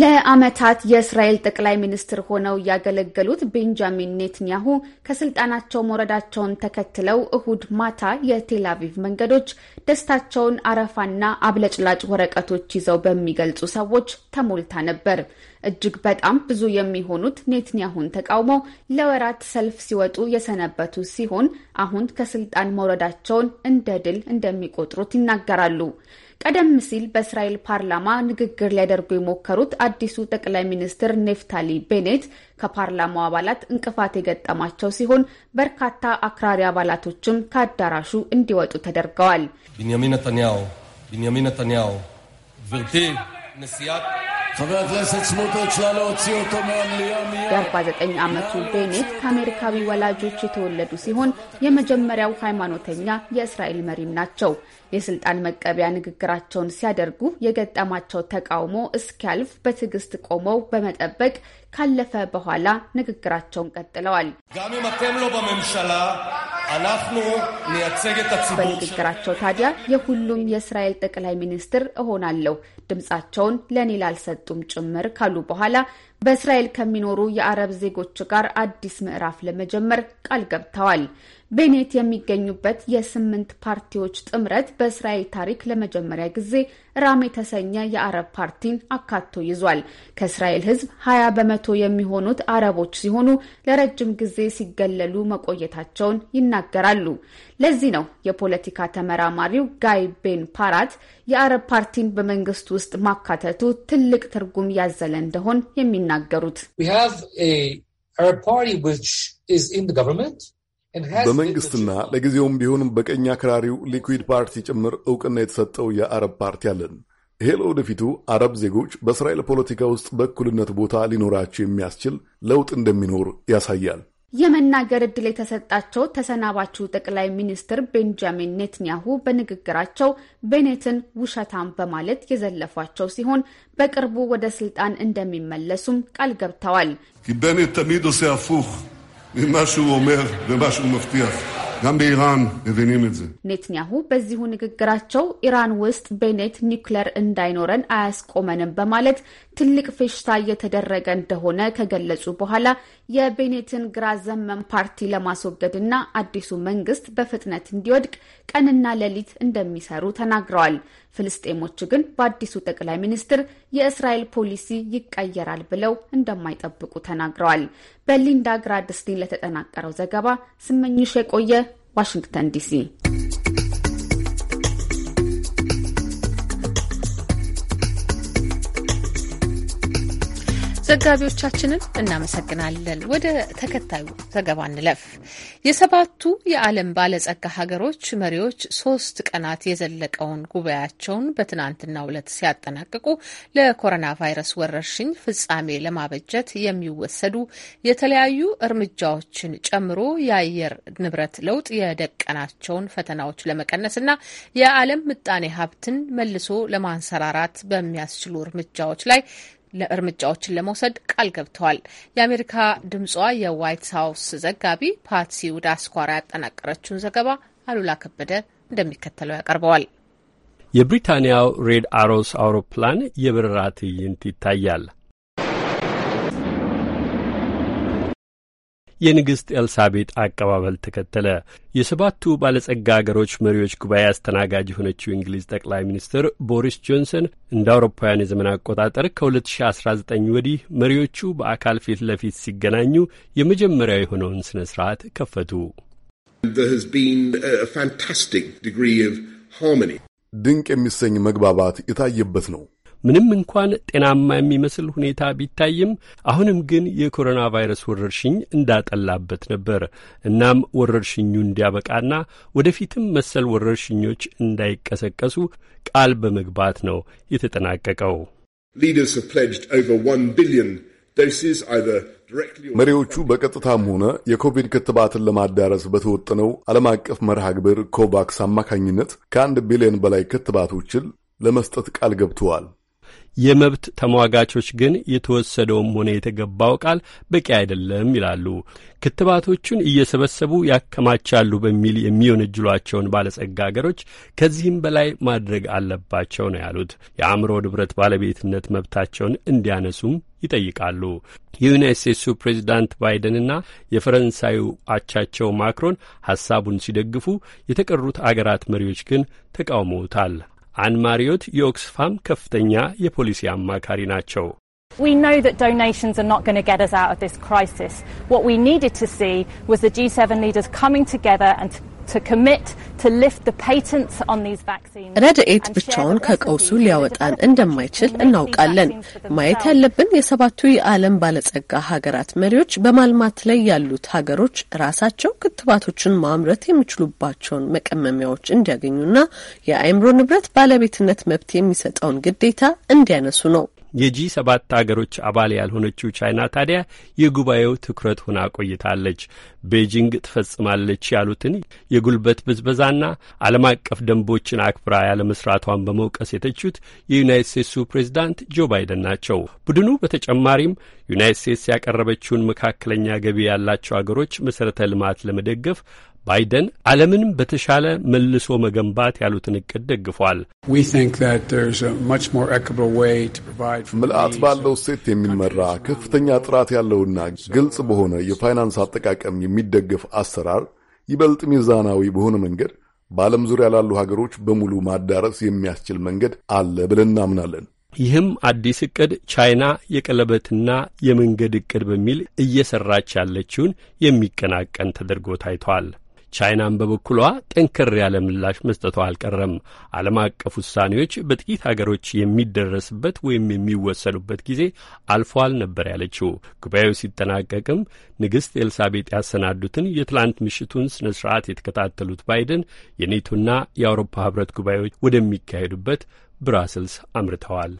ለአመታት የእስራኤል ጠቅላይ ሚኒስትር ሆነው ያገለገሉት ቤንጃሚን ኔትንያሁ ከስልጣናቸው መውረዳቸውን ተከትለው እሁድ ማታ የቴል አቪቭ መንገዶች ደስታቸውን አረፋና አብለጭላጭ ወረቀቶች ይዘው በሚገልጹ ሰዎች ተሞልታ ነበር። እጅግ በጣም ብዙ የሚሆኑት ኔትንያሁን ተቃውመው ለወራት ሰልፍ ሲወጡ የሰነበቱ ሲሆን አሁን ከስልጣን መውረዳቸውን እንደ ድል እንደሚቆጥሩት ይናገራሉ። ቀደም ሲል በእስራኤል ፓርላማ ንግግር ሊያደርጉ የሞከሩት አዲሱ ጠቅላይ ሚኒስትር ኔፍታሊ ቤኔት ከፓርላማው አባላት እንቅፋት የገጠማቸው ሲሆን በርካታ አክራሪ አባላቶችም ከአዳራሹ እንዲወጡ ተደርገዋል። ቢንያሚን ነታንያው ቢንያሚን ነሲያት የ49 ዓመቱ ቤኔት ከአሜሪካዊ ወላጆች የተወለዱ ሲሆን የመጀመሪያው ሃይማኖተኛ የእስራኤል መሪም ናቸው። የስልጣን መቀቢያ ንግግራቸውን ሲያደርጉ የገጠማቸው ተቃውሞ እስኪያልፍ በትዕግስት ቆመው በመጠበቅ ካለፈ በኋላ ንግግራቸውን ቀጥለዋል። በንግግራቸው ታዲያ የሁሉም የእስራኤል ጠቅላይ ሚኒስትር እሆናለሁ ድምፃቸውን ለእኔ ላልሰጡም ጭምር ካሉ በኋላ በእስራኤል ከሚኖሩ የአረብ ዜጎች ጋር አዲስ ምዕራፍ ለመጀመር ቃል ገብተዋል። ቤኔት የሚገኙበት የስምንት ፓርቲዎች ጥምረት በእስራኤል ታሪክ ለመጀመሪያ ጊዜ ራም የተሰኘ የአረብ ፓርቲን አካቶ ይዟል። ከእስራኤል ሕዝብ 20 በመቶ የሚሆኑት አረቦች ሲሆኑ ለረጅም ጊዜ ሲገለሉ መቆየታቸውን ይናገራሉ። ለዚህ ነው የፖለቲካ ተመራማሪው ጋይ ቤን ፓራት የአረብ ፓርቲን በመንግስት ውስጥ ማካተቱ ትልቅ ትርጉም ያዘለ እንደሆን የሚናገሩት። በመንግስትና ለጊዜውም ቢሆንም በቀኝ አክራሪው ሊኩዊድ ፓርቲ ጭምር እውቅና የተሰጠው የአረብ ፓርቲ አለን። ይሄ ለወደፊቱ አረብ ዜጎች በእስራኤል ፖለቲካ ውስጥ በእኩልነት ቦታ ሊኖራቸው የሚያስችል ለውጥ እንደሚኖር ያሳያል። የመናገር እድል የተሰጣቸው ተሰናባቹ ጠቅላይ ሚኒስትር ቤንጃሚን ኔትንያሁ በንግግራቸው ቤኔትን ውሸታም በማለት የዘለፏቸው ሲሆን በቅርቡ ወደ ስልጣን እንደሚመለሱም ቃል ገብተዋል። ቤኔት ממה שהוא אומר ומה שהוא מבטיח. גם באיראן מבינים את זה. ኔትንያሁ በዚሁ ንግግራቸው ኢራን ውስጥ ቤኔት ኒውክለር እንዳይኖረን አያስቆመንም በማለት ትልቅ ፌሽታ እየተደረገ እንደሆነ ከገለጹ በኋላ የቤኔትን ግራ ዘመም ፓርቲ ለማስወገድና አዲሱ መንግስት በፍጥነት እንዲወድቅ ቀንና ሌሊት እንደሚሰሩ ተናግረዋል። ፍልስጤሞች ግን በአዲሱ ጠቅላይ ሚኒስትር የእስራኤል ፖሊሲ ይቀየራል ብለው እንደማይጠብቁ ተናግረዋል። በሊንዳ ግራድስቲን ለተጠናቀረው ዘገባ ስመኝሽ የቆየ ዋሽንግተን ዲሲ ዘጋቢዎቻችንን እናመሰግናለን። ወደ ተከታዩ ዘገባ እንለፍ። የሰባቱ የዓለም ባለጸጋ ሀገሮች መሪዎች ሶስት ቀናት የዘለቀውን ጉባኤያቸውን በትናንትናው ዕለት ሲያጠናቅቁ ለኮሮና ቫይረስ ወረርሽኝ ፍጻሜ ለማበጀት የሚወሰዱ የተለያዩ እርምጃዎችን ጨምሮ የአየር ንብረት ለውጥ የደቀናቸውን ፈተናዎች ለመቀነስና የዓለም ምጣኔ ሀብትን መልሶ ለማንሰራራት በሚያስችሉ እርምጃዎች ላይ እርምጃዎችን ለመውሰድ ቃል ገብተዋል። የአሜሪካ ድምጿ የዋይት ሀውስ ዘጋቢ ፓትሲ ውደ አስኳራ ያጠናቀረችውን ዘገባ አሉላ ከበደ እንደሚከተለው ያቀርበዋል። የብሪታንያው ሬድ አሮስ አውሮፕላን የበረራ ትዕይንት ይታያል። የንግሥት ኤልሳቤጥ አቀባበል ተከተለ። የሰባቱ ባለጸጋ አገሮች መሪዎች ጉባኤ አስተናጋጅ የሆነችው እንግሊዝ ጠቅላይ ሚኒስትር ቦሪስ ጆንሰን እንደ አውሮፓውያን የዘመን አቆጣጠር ከ2019 ወዲህ መሪዎቹ በአካል ፊት ለፊት ሲገናኙ የመጀመሪያ የሆነውን ስነ ስርዓት ከፈቱ። ድንቅ የሚሰኝ መግባባት የታየበት ነው። ምንም እንኳን ጤናማ የሚመስል ሁኔታ ቢታይም አሁንም ግን የኮሮና ቫይረስ ወረርሽኝ እንዳጠላበት ነበር። እናም ወረርሽኙ እንዲያበቃና ወደፊትም መሰል ወረርሽኞች እንዳይቀሰቀሱ ቃል በመግባት ነው የተጠናቀቀው። መሪዎቹ በቀጥታም ሆነ የኮቪድ ክትባትን ለማዳረስ በተወጠነው ዓለም አቀፍ መርሃ ግብር ኮቫክስ አማካኝነት ከአንድ ቢሊዮን በላይ ክትባቶችን ለመስጠት ቃል ገብተዋል። የመብት ተሟጋቾች ግን የተወሰደውም ሆነ የተገባው ቃል በቂ አይደለም ይላሉ። ክትባቶቹን እየሰበሰቡ ያከማቻሉ በሚል የሚወነጅሏቸውን ባለጸጋ አገሮች ከዚህም በላይ ማድረግ አለባቸው ነው ያሉት። የአእምሮ ንብረት ባለቤትነት መብታቸውን እንዲያነሱም ይጠይቃሉ። የዩናይት ስቴትሱ ፕሬዚዳንት ባይደንና የፈረንሳዩ አቻቸው ማክሮን ሐሳቡን ሲደግፉ፣ የተቀሩት አገራት መሪዎች ግን ተቃውመውታል። የኦክስፋም ከፍተኛ የፖሊሲ አማካሪ ናቸው። We know that donations are not going to get us out of this crisis. What we needed to see was the G7 leaders coming together and ረድኤት ብቻውን ከቀውሱ ሊያወጣን እንደማይችል እናውቃለን። ማየት ያለብን የሰባቱ የዓለም ባለጸጋ ሀገራት መሪዎች በማልማት ላይ ያሉት ሀገሮች ራሳቸው ክትባቶችን ማምረት የሚችሉባቸውን መቀመሚያዎች እንዲያገኙና የአእምሮ ንብረት ባለቤትነት መብት የሚሰጠውን ግዴታ እንዲያነሱ ነው። የጂ ሰባት አገሮች አባል ያልሆነችው ቻይና ታዲያ የጉባኤው ትኩረት ሆና ቆይታለች። ቤጂንግ ትፈጽማለች ያሉትን የጉልበት ብዝበዛና ዓለም አቀፍ ደንቦችን አክብራ ያለመስራቷን በመውቀስ የተቹት የዩናይት ስቴትሱ ፕሬዚዳንት ጆ ባይደን ናቸው። ቡድኑ በተጨማሪም ዩናይት ስቴትስ ያቀረበችውን መካከለኛ ገቢ ያላቸው አገሮች መሠረተ ልማት ለመደገፍ ባይደን ዓለምን በተሻለ መልሶ መገንባት ያሉትን እቅድ ደግፏል። ምልአት ባለው ሴት የሚመራ ከፍተኛ ጥራት ያለውና ግልጽ በሆነ የፋይናንስ አጠቃቀም የሚደገፍ አሰራር ይበልጥ ሚዛናዊ በሆነ መንገድ በዓለም ዙሪያ ላሉ ሀገሮች በሙሉ ማዳረስ የሚያስችል መንገድ አለ ብለን እናምናለን። ይህም አዲስ እቅድ ቻይና የቀለበትና የመንገድ እቅድ በሚል እየሰራች ያለችውን የሚቀናቀን ተደርጎ ታይቷል። ቻይናም በበኩሏ ጠንከር ያለ ምላሽ መስጠቷ አልቀረም። ዓለም አቀፍ ውሳኔዎች በጥቂት ሀገሮች የሚደረስበት ወይም የሚወሰዱበት ጊዜ አልፏል ነበር ያለችው። ጉባኤው ሲጠናቀቅም ንግሥት ኤልሳቤጥ ያሰናዱትን የትላንት ምሽቱን ስነ ስርዓት የተከታተሉት ባይደን የኔቶና የአውሮፓ ህብረት ጉባኤዎች ወደሚካሄዱበት ብራስልስ አምርተዋል።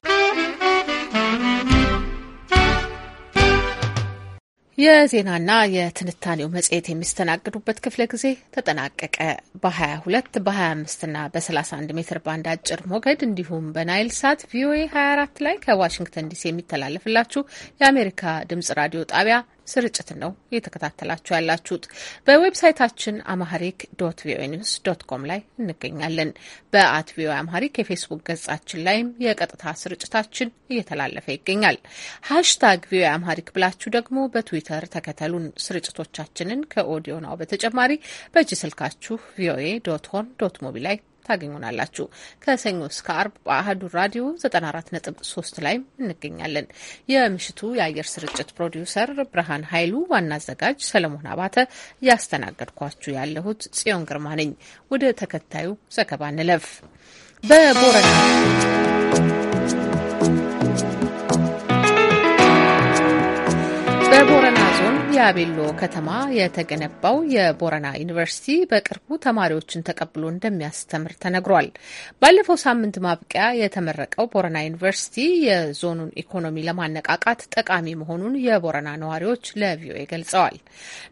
የዜናና የትንታኔው መጽሔት የሚስተናግዱበት ክፍለ ጊዜ ተጠናቀቀ። በ22 በ25ና በ31 ሜትር ባንድ አጭር ሞገድ እንዲሁም በናይል ሳት ቪኦኤ 24 ላይ ከዋሽንግተን ዲሲ የሚተላለፍላችሁ የአሜሪካ ድምጽ ራዲዮ ጣቢያ ስርጭት ነው እየተከታተላችሁ ያላችሁት። በዌብሳይታችን አማሐሪክ ዶት ቪኦኤ ኒውስ ዶት ኮም ላይ እንገኛለን። በአት ቪኦኤ አማሐሪክ የፌስቡክ ገጻችን ላይም የቀጥታ ስርጭታችን እየተላለፈ ይገኛል። ሀሽታግ ቪኦኤ አማሪክ ብላችሁ ደግሞ በትዊተር ተከተሉን። ስርጭቶቻችንን ከኦዲዮ ናው በተጨማሪ በእጅ ስልካችሁ ቪኦኤ ዶት ሆን ዶት ሞቢ ላይ ታገኙናላችሁ። ከሰኞ እስከ አርብ በአህዱ ራዲዮ 94.3 ላይ እንገኛለን። የምሽቱ የአየር ስርጭት ፕሮዲውሰር ብርሃን ኃይሉ፣ ዋና አዘጋጅ ሰለሞን አባተ፣ እያስተናገድኳችሁ ያለሁት ጽዮን ግርማ ነኝ። ወደ ተከታዩ ዘገባ እንለፍ። በቦረና የአቤሎ ከተማ የተገነባው የቦረና ዩኒቨርሲቲ በቅርቡ ተማሪዎችን ተቀብሎ እንደሚያስተምር ተነግሯል። ባለፈው ሳምንት ማብቂያ የተመረቀው ቦረና ዩኒቨርሲቲ የዞኑን ኢኮኖሚ ለማነቃቃት ጠቃሚ መሆኑን የቦረና ነዋሪዎች ለቪኦኤ ገልጸዋል።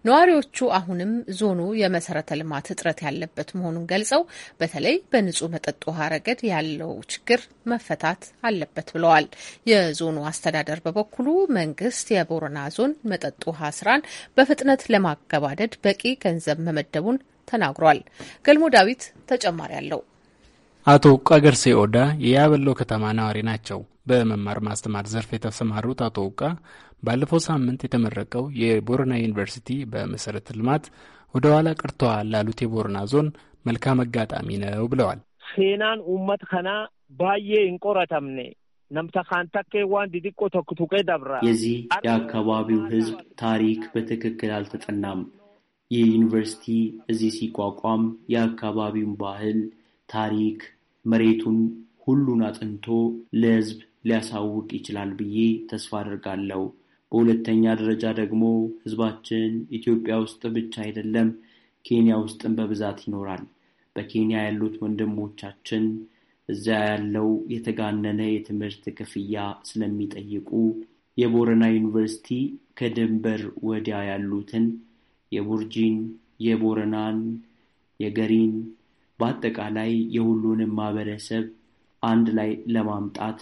ነዋሪዎቹ አሁንም ዞኑ የመሰረተ ልማት እጥረት ያለበት መሆኑን ገልጸው በተለይ በንጹህ መጠጥ ውሃ ረገድ ያለው ችግር መፈታት አለበት ብለዋል። የዞኑ አስተዳደር በበኩሉ መንግስት የቦረና ዞን መጠጥ ውሃ ስራ መምህራን በፍጥነት ለማገባደድ በቂ ገንዘብ መመደቡን ተናግሯል። ገልሞ ዳዊት ተጨማሪ አለው። አቶ ቀገር ሴኦዳ የያበሎ ከተማ ነዋሪ ናቸው። በመማር ማስተማር ዘርፍ የተሰማሩት አቶ ውቃ ባለፈው ሳምንት የተመረቀው የቦረና ዩኒቨርሲቲ በመሰረተ ልማት ወደ ኋላ ቀርተዋል ላሉት የቦረና ዞን መልካም አጋጣሚ ነው ብለዋል። ሴናን ኡመት ከና ባዬ እንቆረተምኔ ዋን ዲዲቆ ደብራ የዚህ የአካባቢው ሕዝብ ታሪክ በትክክል አልተጠናም። ይህ ዩኒቨርሲቲ እዚህ ሲቋቋም የአካባቢውን ባህል፣ ታሪክ፣ መሬቱን ሁሉን አጥንቶ ለህዝብ ሊያሳውቅ ይችላል ብዬ ተስፋ አድርጋለሁ። በሁለተኛ ደረጃ ደግሞ ሕዝባችን ኢትዮጵያ ውስጥ ብቻ አይደለም ኬንያ ውስጥም በብዛት ይኖራል። በኬንያ ያሉት ወንድሞቻችን እዚያ ያለው የተጋነነ የትምህርት ክፍያ ስለሚጠይቁ የቦረና ዩኒቨርሲቲ ከድንበር ወዲያ ያሉትን የቡርጂን፣ የቦረናን፣ የገሪን በአጠቃላይ የሁሉንም ማህበረሰብ አንድ ላይ ለማምጣት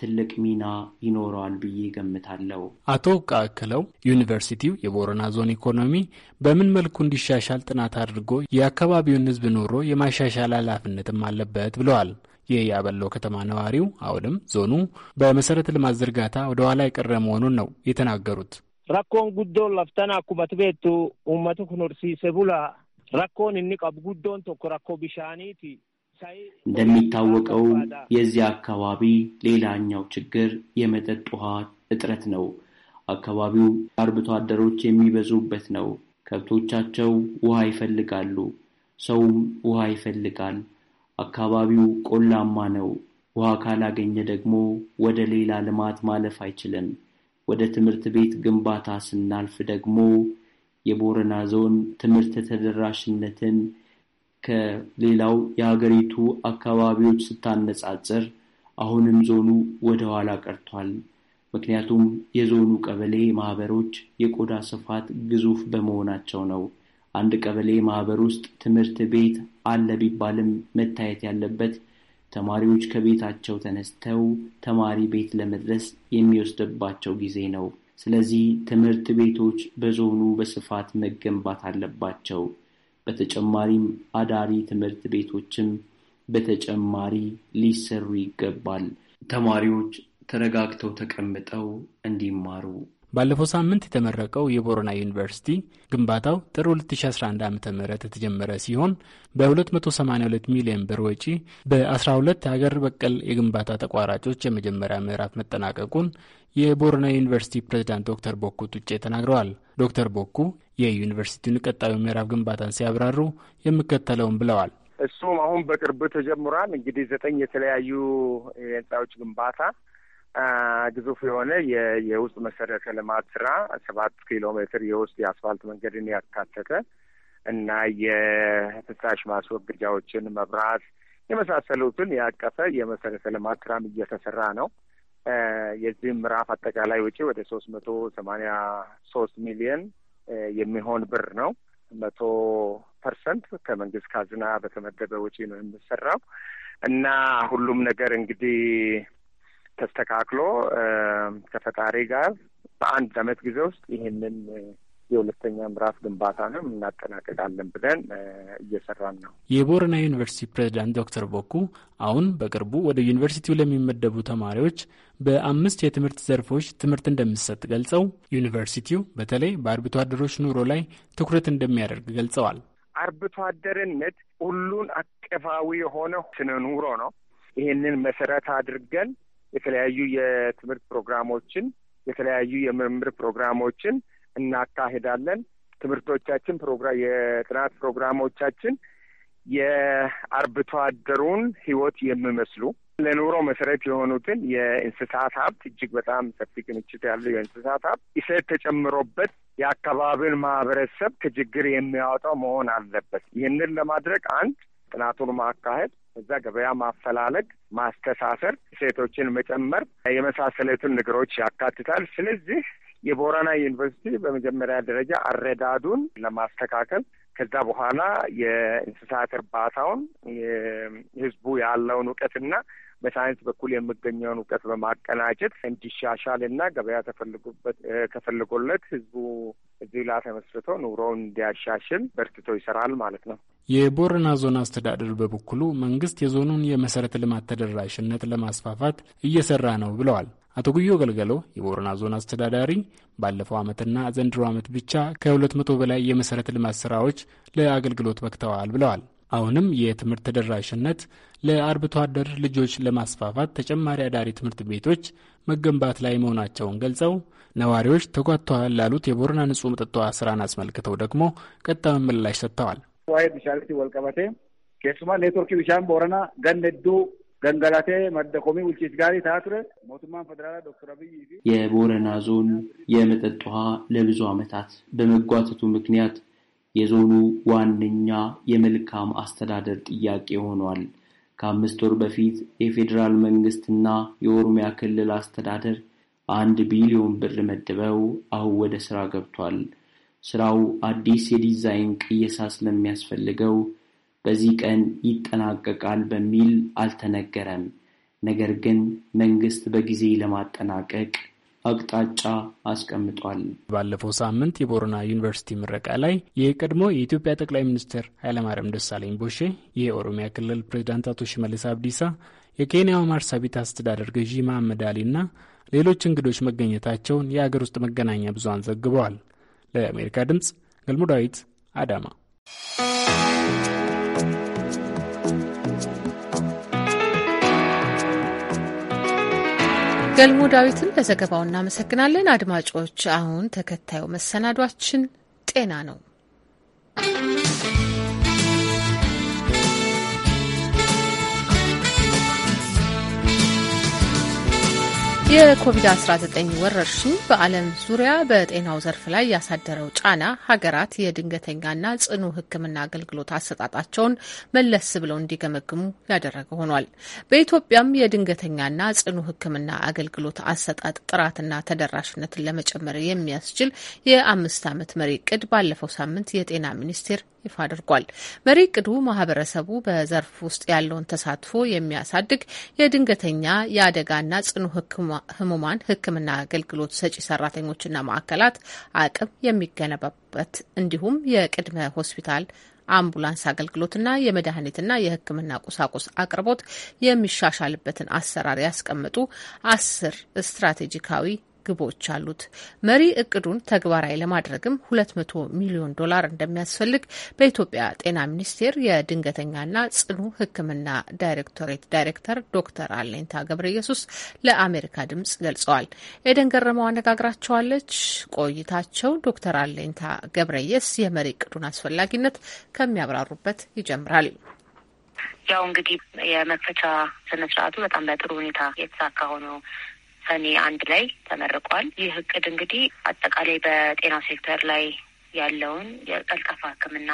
ትልቅ ሚና ይኖረዋል ብዬ ገምታለሁ። አቶ ውቃ አክለው ዩኒቨርሲቲው የቦረና ዞን ኢኮኖሚ በምን መልኩ እንዲሻሻል ጥናት አድርጎ የአካባቢውን ሕዝብ ኑሮ የማሻሻል ኃላፊነትም አለበት ብለዋል። የያበሎ ከተማ ነዋሪው አሁንም ዞኑ በመሰረተ ልማት ዝርጋታ ወደ ኋላ የቀረ መሆኑን ነው የተናገሩት። ራኮን ጉዶ ላፍተና አኩመት ቤቱ ኡመቱ ኩኖርሲ ሴቡላ ራኮን እኒቀብ ጉዶን ቶኮ ራኮ ቢሻኒቲ እንደሚታወቀው የዚህ አካባቢ ሌላኛው ችግር የመጠጥ ውሃ እጥረት ነው። አካባቢው አርብቶ አደሮች የሚበዙበት ነው። ከብቶቻቸው ውሃ ይፈልጋሉ፣ ሰውም ውሃ ይፈልጋል። አካባቢው ቆላማ ነው። ውሃ ካላገኘ ደግሞ ወደ ሌላ ልማት ማለፍ አይችልም። ወደ ትምህርት ቤት ግንባታ ስናልፍ ደግሞ የቦረና ዞን ትምህርት ተደራሽነትን ከሌላው የሀገሪቱ አካባቢዎች ስታነጻጽር አሁንም ዞኑ ወደ ኋላ ቀርቷል። ምክንያቱም የዞኑ ቀበሌ ማህበሮች የቆዳ ስፋት ግዙፍ በመሆናቸው ነው። አንድ ቀበሌ ማህበር ውስጥ ትምህርት ቤት አለ ቢባልም መታየት ያለበት ተማሪዎች ከቤታቸው ተነስተው ተማሪ ቤት ለመድረስ የሚወስድባቸው ጊዜ ነው። ስለዚህ ትምህርት ቤቶች በዞኑ በስፋት መገንባት አለባቸው። በተጨማሪም አዳሪ ትምህርት ቤቶችም በተጨማሪ ሊሰሩ ይገባል። ተማሪዎች ተረጋግተው ተቀምጠው እንዲማሩ ባለፈው ሳምንት የተመረቀው የቦረና ዩኒቨርሲቲ ግንባታው ጥር 2011 ዓ ም የተጀመረ ሲሆን በ282 ሚሊዮን ብር ወጪ በ12 ሀገር በቀል የግንባታ ተቋራጮች የመጀመሪያ ምዕራፍ መጠናቀቁን የቦረና ዩኒቨርሲቲ ፕሬዝዳንት ዶክተር ቦኩ ቱጬ ተናግረዋል። ዶክተር ቦኩ የዩኒቨርሲቲውን ቀጣዩ ምዕራፍ ግንባታን ሲያብራሩ የሚከተለውን ብለዋል። እሱም አሁን በቅርብ ተጀምሯል። እንግዲህ ዘጠኝ የተለያዩ የህንፃዎች ግንባታ ግዙፍ የሆነ የውስጥ መሰረተ ልማት ስራ ሰባት ኪሎ ሜትር የውስጥ የአስፋልት መንገድን ያካተተ እና የፍሳሽ ማስወገጃዎችን መብራት የመሳሰሉትን ያቀፈ የመሰረተ ልማት ስራም እየተሰራ ነው። የዚህም ምዕራፍ አጠቃላይ ውጪ ወደ ሶስት መቶ ሰማኒያ ሶስት ሚሊየን የሚሆን ብር ነው። መቶ ፐርሰንት ከመንግስት ካዝና በተመደበ ውጪ ነው የሚሰራው እና ሁሉም ነገር እንግዲህ ተስተካክሎ ከፈጣሪ ጋር በአንድ አመት ጊዜ ውስጥ ይህንን የሁለተኛ ምዕራፍ ግንባታ ነው እናጠናቀቃለን ብለን እየሰራን ነው። የቦረና ዩኒቨርሲቲ ፕሬዚዳንት ዶክተር ቦኩ አሁን በቅርቡ ወደ ዩኒቨርሲቲው ለሚመደቡ ተማሪዎች በአምስት የትምህርት ዘርፎች ትምህርት እንደሚሰጥ ገልጸው ዩኒቨርሲቲው በተለይ በአርብቶ አደሮች ኑሮ ላይ ትኩረት እንደሚያደርግ ገልጸዋል። አርብቶ አደርነት ሁሉን አቀፋዊ የሆነ ስነ ኑሮ ነው። ይህንን መሰረት አድርገን የተለያዩ የትምህርት ፕሮግራሞችን የተለያዩ የምርምር ፕሮግራሞችን እናካሄዳለን። ትምህርቶቻችን ፕሮግራ የጥናት ፕሮግራሞቻችን የአርብቶ አደሩን ህይወት የሚመስሉ ለኑሮ መሰረት የሆኑትን የእንስሳት ሀብት እጅግ በጣም ሰፊ ክምችት ያለው የእንስሳት ሀብት እሴት ተጨምሮበት የአካባቢውን ማህበረሰብ ከችግር የሚያወጣው መሆን አለበት። ይህንን ለማድረግ አንድ ጥናቱን ማካሄድ እዛ ገበያ ማፈላለግ፣ ማስተሳሰር፣ ሴቶችን መጨመር የመሳሰሉትን ነገሮች ያካትታል። ስለዚህ የቦረና ዩኒቨርሲቲ በመጀመሪያ ደረጃ አረዳዱን ለማስተካከል ከዛ በኋላ የእንስሳት እርባታውን የህዝቡ ያለውን እውቀትና በሳይንስ በኩል የሚገኘውን እውቀት በማቀናጀት እንዲሻሻል እና ገበያ ተፈልጉበት ተፈልጎለት ህዝቡ እዚህ ላይ ተመስርቶ ኑሮውን እንዲያሻሽል በርትቶ ይሰራል ማለት ነው። የቦረና ዞን አስተዳደር በበኩሉ መንግስት የዞኑን የመሰረተ ልማት ተደራሽነት ለማስፋፋት እየሰራ ነው ብለዋል። አቶ ጉዮ ገልገሎ የቦረና ዞን አስተዳዳሪ ባለፈው ዓመትና ዘንድሮ ዓመት ብቻ ከሁለት መቶ በላይ የመሰረተ ልማት ስራዎች ለአገልግሎት በክተዋል ብለዋል። አሁንም የትምህርት ተደራሽነት ለአርብቶ አደር ልጆች ለማስፋፋት ተጨማሪ አዳሪ ትምህርት ቤቶች መገንባት ላይ መሆናቸውን ገልጸው ነዋሪዎች ተጓተዋል ላሉት የቦረና ንጹህ መጠጥ ውሃ ስራን አስመልክተው ደግሞ ቀጣዩን ምላሽ ሰጥተዋል። ወልቀበቴ ኬሱማ ኔትወርክ ቢሻን ቦረና ገነዱ ገንገላቴ መደኮሚ ውልቺስ ጋሪ ታቱረ ሞቱማን ፌደራላ ዶክተር አብይ የቦረና ዞን የመጠጥ ውሃ ለብዙ ዓመታት በመጓተቱ ምክንያት የዞኑ ዋነኛ የመልካም አስተዳደር ጥያቄ ሆኗል። ከአምስት ወር በፊት የፌዴራል መንግስትና የኦሮሚያ ክልል አስተዳደር አንድ ቢሊዮን ብር መድበው አሁን ወደ ስራ ገብቷል። ስራው አዲስ የዲዛይን ቅየሳ ስለሚያስፈልገው በዚህ ቀን ይጠናቀቃል በሚል አልተነገረም። ነገር ግን መንግስት በጊዜ ለማጠናቀቅ አቅጣጫ አስቀምጧል። ባለፈው ሳምንት የቦረና ዩኒቨርሲቲ ምረቃ ላይ የቀድሞ የኢትዮጵያ ጠቅላይ ሚኒስትር ኃይለማርያም ደሳለኝ ቦሼ፣ የኦሮሚያ ክልል ፕሬዚዳንት አቶ ሽመልስ አብዲሳ፣ የኬንያው ማርሳቢት አስተዳደር ገዢ መሐመድ አሊና ሌሎች እንግዶች መገኘታቸውን የአገር ውስጥ መገናኛ ብዙሃን ዘግበዋል። ለአሜሪካ ድምፅ ገልሞ ዳዊት አዳማ ገልሞ ዳዊትን ለዘገባው እናመሰግናለን። አድማጮች፣ አሁን ተከታዩ መሰናዷችን ጤና ነው። የኮቪድ-19 ወረርሽኝ በዓለም ዙሪያ በጤናው ዘርፍ ላይ ያሳደረው ጫና ሀገራት የድንገተኛና ጽኑ ሕክምና አገልግሎት አሰጣጣቸውን መለስ ብለው እንዲገመግሙ ያደረገ ሆኗል። በኢትዮጵያም የድንገተኛና ጽኑ ሕክምና አገልግሎት አሰጣጥ ጥራትና ተደራሽነትን ለመጨመር የሚያስችል የአምስት ዓመት መሪ እቅድ ባለፈው ሳምንት የጤና ሚኒስቴር ይፋ አድርጓል። መሪ ቅዱ ማህበረሰቡ በዘርፍ ውስጥ ያለውን ተሳትፎ የሚያሳድግ የድንገተኛ የአደጋና ጽኑ ህሙማን ሕክምና አገልግሎት ሰጪ ሰራተኞችና ማዕከላት አቅም የሚገነባበት እንዲሁም የቅድመ ሆስፒታል አምቡላንስ አገልግሎትና የመድኃኒትና የህክምና ቁሳቁስ አቅርቦት የሚሻሻልበትን አሰራር ያስቀመጡ አስር ስትራቴጂካዊ ግቦች አሉት። መሪ እቅዱን ተግባራዊ ለማድረግም 200 ሚሊዮን ዶላር እንደሚያስፈልግ በኢትዮጵያ ጤና ሚኒስቴር የድንገተኛና ጽኑ ሕክምና ዳይሬክቶሬት ዳይሬክተር ዶክተር አለኝታ ገብረ ኢየሱስ ለአሜሪካ ድምጽ ገልጸዋል። ኤደን ገረመው አነጋግራቸዋለች። ቆይታቸው ዶክተር አለኝታ ገብረየስ የመሪ እቅዱን አስፈላጊነት ከሚያብራሩበት ይጀምራል። ያው እንግዲህ የመክፈቻ ስነስርዓቱ በጣም በጥሩ ሁኔታ የተሳካ ሆኖ ሰኔ አንድ ላይ ተመርቋል። ይህ እቅድ እንግዲህ አጠቃላይ በጤና ሴክተር ላይ ያለውን የቀልጠፋ ሕክምና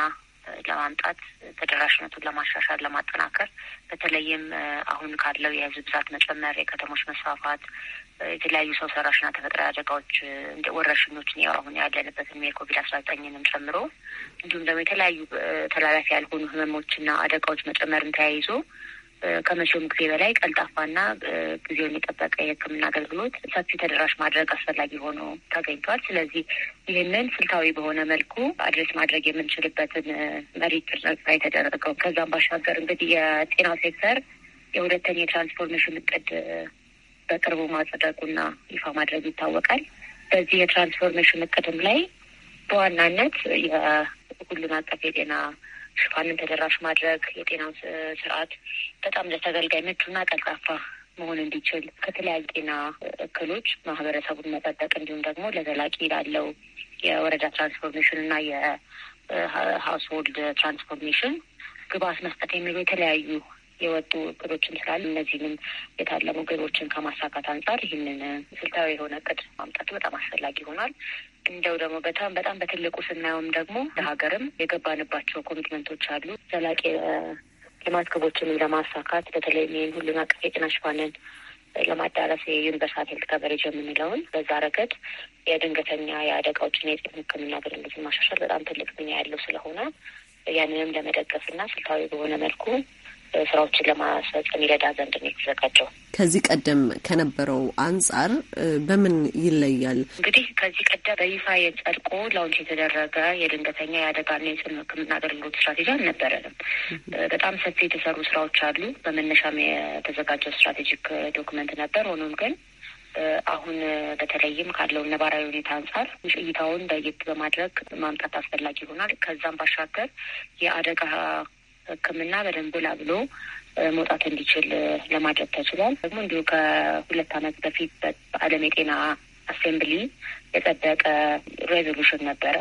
ለማምጣት ተደራሽነቱን ለማሻሻል፣ ለማጠናከር በተለይም አሁን ካለው የህዝብ ብዛት መጨመር፣ የከተሞች መስፋፋት፣ የተለያዩ ሰው ሰራሽና ተፈጥሯዊ አደጋዎች እንደ ወረርሽኞችን ያው አሁን ያለንበትን የኮቪድ አስራ ዘጠኝንም ጨምሮ እንዲሁም ደግሞ የተለያዩ ተላላፊ ያልሆኑ ህመሞችና አደጋዎች መጨመርን ተያይዞ ከመቼውም ጊዜ በላይ ቀልጣፋና ጊዜውን የጠበቀ የሕክምና አገልግሎት ሰፊ ተደራሽ ማድረግ አስፈላጊ ሆኖ ተገኝቷል። ስለዚህ ይህንን ስልታዊ በሆነ መልኩ አድሬስ ማድረግ የምንችልበትን መሪ ጥረት የተደረገው። ከዛም ባሻገር እንግዲህ የጤና ሴክተር የሁለተኛ የትራንስፎርሜሽን እቅድ በቅርቡ ማጽደቁና ይፋ ማድረግ ይታወቃል። በዚህ የትራንስፎርሜሽን እቅድም ላይ በዋናነት የሁሉን አቀፍ የጤና ሽፋንን ተደራሽ ማድረግ የጤና ስርዓት በጣም ለተገልጋይ ምቹና ቀልጣፋ መሆን እንዲችል ከተለያዩ ጤና እክሎች ማህበረሰቡን መጠበቅ እንዲሁም ደግሞ ለዘላቂ ላለው የወረዳ ትራንስፎርሜሽን እና የሀውስሆልድ ትራንስፎርሜሽን ግብዓት መስጠት የሚሉ የተለያዩ የወጡ እቅዶችን ስላሉ እነዚህንም የታለሙ ግቦችን ከማሳካት አንጻር ይህንን ስልታዊ የሆነ እቅድ ማምጣቱ በጣም አስፈላጊ ይሆናል። እንደው ደግሞ በጣም በጣም በትልቁ ስናየውም ደግሞ ለሀገርም የገባንባቸው ኮሚትመንቶች አሉ ዘላቂ ልማት ግቦችንም ለማሳካት በተለይም ይህን ሁሉን አቀፍ የጤና ሽፋንን ለማዳረስ የዩኒቨርሳል ሄልት ከቨሬጅ የምንለውን በዛ ረገድ የድንገተኛ የአደጋዎችን የጤና ሕክምና አገልግሎትን ማሻሻል በጣም ትልቅ ሚና ያለው ስለሆነ ያንንም ለመደገፍና ስልታዊ በሆነ መልኩ ስራዎችን ለማስፈጸም ይረዳ ዘንድ ነው የተዘጋጀው። ከዚህ ቀደም ከነበረው አንጻር በምን ይለያል? እንግዲህ ከዚህ ቀደም በይፋ የጸድቆ ላውንች የተደረገ የድንገተኛ የአደጋና የጽኑ ሕክምና አገልግሎት ስትራቴጂ አልነበረንም። በጣም ሰፊ የተሰሩ ስራዎች አሉ። በመነሻም የተዘጋጀው ስትራቴጂክ ዶክመንት ነበር። ሆኖም ግን አሁን በተለይም ካለው ነባራዊ ሁኔታ አንጻር እይታውን በየት በማድረግ ማምጣት አስፈላጊ ይሆናል። ከዛም ባሻገር የአደጋ ሕክምና በደንብ ጎላ ብሎ መውጣት እንዲችል ለማድረግ ተችሏል። ደግሞ እንዲሁ ከሁለት አመት በፊት በዓለም የጤና አሴምብሊ የጸደቀ ሬዞሉሽን ነበረ።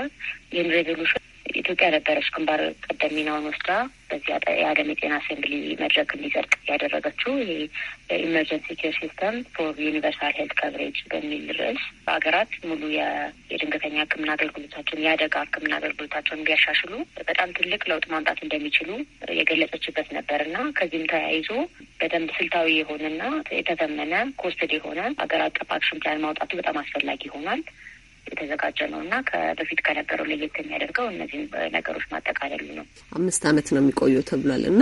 ይህም ሬዞሉሽን ኢትዮጵያ ነበረች ግንባር ቀደም ሚናውን ወስዳ በዚህ የዓለም የጤና አሴምብሊ መድረክ እንዲጸድቅ ያደረገችው ይሄ ኢመርጀንሲ ኬር ሲስተም ፎር ዩኒቨርሳል ሄልት ከቨሬጅ በሚል ርዕስ በሀገራት ሙሉ የድንገተኛ ሕክምና አገልግሎታቸውን የአደጋ ሕክምና አገልግሎታቸውን እንዲያሻሽሉ በጣም ትልቅ ለውጥ ማምጣት እንደሚችሉ የገለጸችበት ነበር እና ከዚህም ተያይዞ በደንብ ስልታዊ የሆነና የተዘመነ ኮስትድ የሆነ ሀገር አቀፍ አክሽን ፕላን ማውጣቱ በጣም አስፈላጊ ይሆናል። የተዘጋጀ ነው እና በፊት ከነበረው ለየት የሚያደርገው እነዚህ ነገሮች ማጠቃለሉ ነው። አምስት ዓመት ነው የሚቆየው ተብሏል እና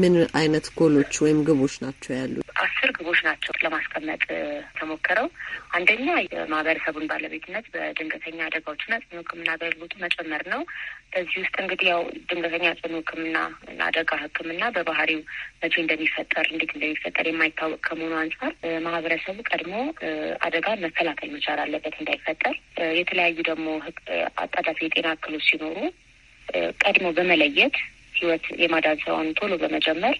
ምን አይነት ጎሎች ወይም ግቦች ናቸው ያሉ አስር ግቦች ናቸው ለማስቀመጥ ተሞከረው። አንደኛ የማህበረሰቡን ባለቤትነት በድንገተኛ አደጋዎችና ጽኑ ሕክምና አገልግሎቱ መጨመር ነው። በዚህ ውስጥ እንግዲህ ያው ድንገተኛ ጽኑ ሕክምና አደጋ ሕክምና በባህሪው መቼ እንደሚፈጠር እንዴት እንደሚፈጠር የማይታወቅ ከመሆኑ አንጻር ማህበረሰቡ ቀድሞ አደጋን መከላከል መቻል አለበት እንዳይፈጠር የተለያዩ ደግሞ አጣዳፊ የጤና እክሎች ሲኖሩ ቀድሞ በመለየት ህይወት የማዳን ስራውን ቶሎ በመጀመር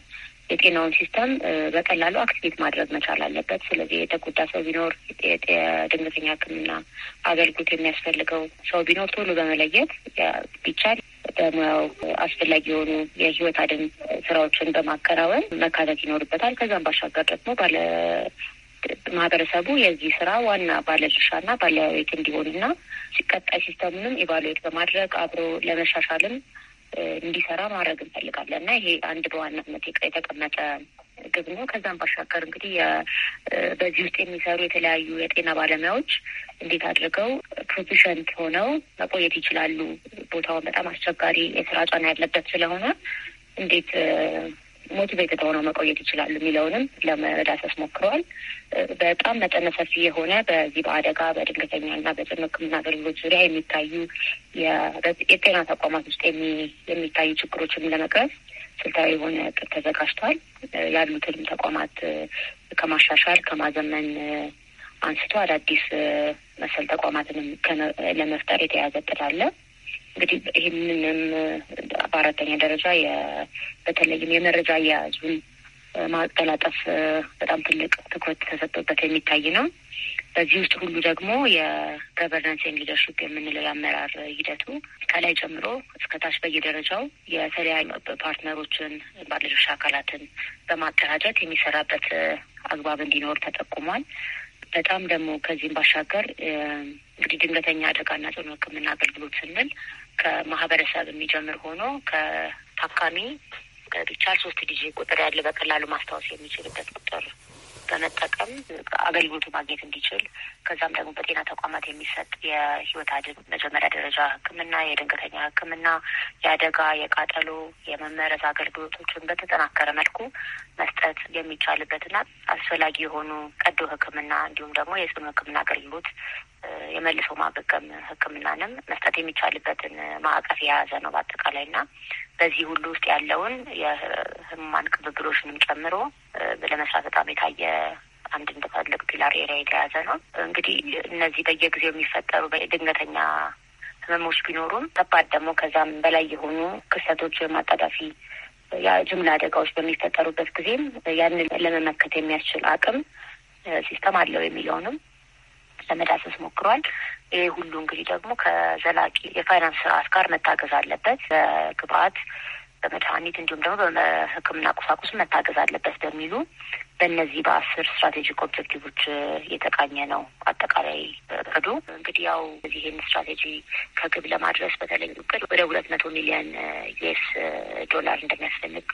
የጤናውን ሲስተም በቀላሉ አክቲቬት ማድረግ መቻል አለበት። ስለዚህ የተጎዳ ሰው ቢኖር የድንገተኛ ሕክምና አገልግሎት የሚያስፈልገው ሰው ቢኖር ቶሎ በመለየት ቢቻል በሙያው አስፈላጊ የሆኑ የህይወት አድን ስራዎችን በማከናወን መካተት ይኖርበታል። ከዛም ባሻገር ደግሞ ባለ ማህበረሰቡ የዚህ ስራ ዋና ባለድርሻና ባለቤት እንዲሆንና ቀጣይ ሲስተሙንም ኢቫሉዌት በማድረግ አብሮ ለመሻሻልም እንዲሰራ ማድረግ እንፈልጋለን እና ይሄ አንድ በዋናነት የተቀመጠ ግብ ነው። ከዛም ባሻገር እንግዲህ በዚህ ውስጥ የሚሰሩ የተለያዩ የጤና ባለሙያዎች እንዴት አድርገው ፕሮፌሽንት ሆነው መቆየት ይችላሉ? ቦታውን በጣም አስቸጋሪ የስራ ጫና ያለበት ስለሆነ እንዴት ሞቲቬትድ ሆነው መቆየት ይችላሉ የሚለውንም ለመዳሰስ ሞክረዋል። በጣም መጠነ ሰፊ የሆነ በዚህ በአደጋ በድንገተኛ እና በጽኑ ሕክምና አገልግሎት ዙሪያ የሚታዩ የጤና ተቋማት ውስጥ የሚታዩ ችግሮችን ለመቅረፍ ስልታዊ የሆነ እቅድ ተዘጋጅቷል። ያሉትንም ተቋማት ከማሻሻል ከማዘመን አንስቶ አዳዲስ መሰል ተቋማትንም ለመፍጠር የተያዘ እቅድ አለ። እንግዲህ ይህንንም በአራተኛ ደረጃ በተለይም የመረጃ አያያዙን ማቀላጠፍ በጣም ትልቅ ትኩረት ተሰጥቶበት የሚታይ ነው። በዚህ ውስጥ ሁሉ ደግሞ የገቨርናንስ ኤንድ ሊደርሽፕ የምንለው የአመራር ሂደቱ ከላይ ጀምሮ እስከ ታች በየደረጃው የተለያዩ ፓርትነሮችን፣ ባለድርሻ አካላትን በማቀራጀት የሚሰራበት አግባብ እንዲኖር ተጠቁሟል። በጣም ደግሞ ከዚህም ባሻገር እንግዲህ ድንገተኛ አደጋና ጽኑ ሕክምና አገልግሎት ስንል ከማህበረሰብ የሚጀምር ሆኖ ከታካሚ ቢቻል ሶስት ጊዜ ቁጥር ያለ በቀላሉ ማስታወስ የሚችልበት ቁጥር በመጠቀም አገልግሎቱ ማግኘት እንዲችል ከዛም ደግሞ በጤና ተቋማት የሚሰጥ የህይወት አድን መጀመሪያ ደረጃ ሕክምና፣ የድንገተኛ ሕክምና፣ የአደጋ፣ የቃጠሎ፣ የመመረዝ አገልግሎቶችን በተጠናከረ መልኩ መስጠት የሚቻልበትና አስፈላጊ የሆኑ ቀዶ ሕክምና እንዲሁም ደግሞ የጽኑ ሕክምና አገልግሎት የመልሶ ማገገም ህክምናንም መስጠት የሚቻልበትን ማዕቀፍ የያዘ ነው በአጠቃላይ እና በዚህ ሁሉ ውስጥ ያለውን የህሙማን ቅብብሎችንም ጨምሮ ለመስራት በጣም የታየ አንድ እንደፈለግ ፒላር ኤሪያ የተያዘ ነው። እንግዲህ እነዚህ በየጊዜው የሚፈጠሩ ድንገተኛ ህመሞች ቢኖሩም ከባድ ደግሞ ከዛም በላይ የሆኑ ክስተቶች ወይም አጣዳፊ የጅምላ አደጋዎች በሚፈጠሩበት ጊዜም ያንን ለመመከት የሚያስችል አቅም ሲስተም አለው የሚለውንም ለመዳሰስ ሞክሯል። ይሄ ሁሉ እንግዲህ ደግሞ ከዘላቂ የፋይናንስ ስርዓት ጋር መታገዝ አለበት። በግብአት በመድኃኒት እንዲሁም ደግሞ በሕክምና ቁሳቁስ መታገዝ አለበት በሚሉ በእነዚህ በአስር ስትራቴጂክ ኦብጀክቲቮች የተቃኘ ነው። አጠቃላይ እቅዱ እንግዲህ ያው ይህን ስትራቴጂ ከግብ ለማድረስ በተለይ እቅድ ወደ ሁለት መቶ ሚሊዮን ዩኤስ ዶላር እንደሚያስፈልግ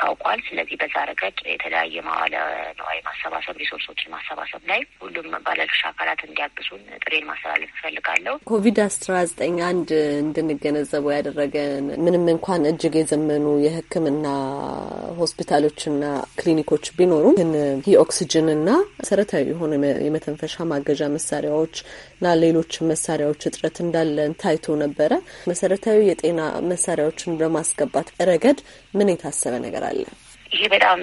ታውቋል። ስለዚህ በዛ ረገድ የተለያየ መዋለ ነዋይ ማሰባሰብ፣ ሪሶርሶችን ማሰባሰብ ላይ ሁሉም ባለድርሻ አካላት እንዲያግዙን ጥሬን ማስተላለፍ እፈልጋለሁ። ኮቪድ አስራ ዘጠኝ አንድ እንድንገነዘበው ያደረገን ምንም እንኳን እጅግ የዘመኑ የህክምና ሆስፒታሎችና ክሊኒኮች ቢኖሩም ግን የኦክስጅንና መሰረታዊ የሆነ የመተንፈሻ ማገዣ መሳሪያዎች እና ሌሎች መሳሪያዎች እጥረት እንዳለን ታይቶ ነበረ። መሰረታዊ የጤና መሳሪያዎችን በማስገባት ረገድ ምን የታሰበ ነገር አለ? ይሄ በጣም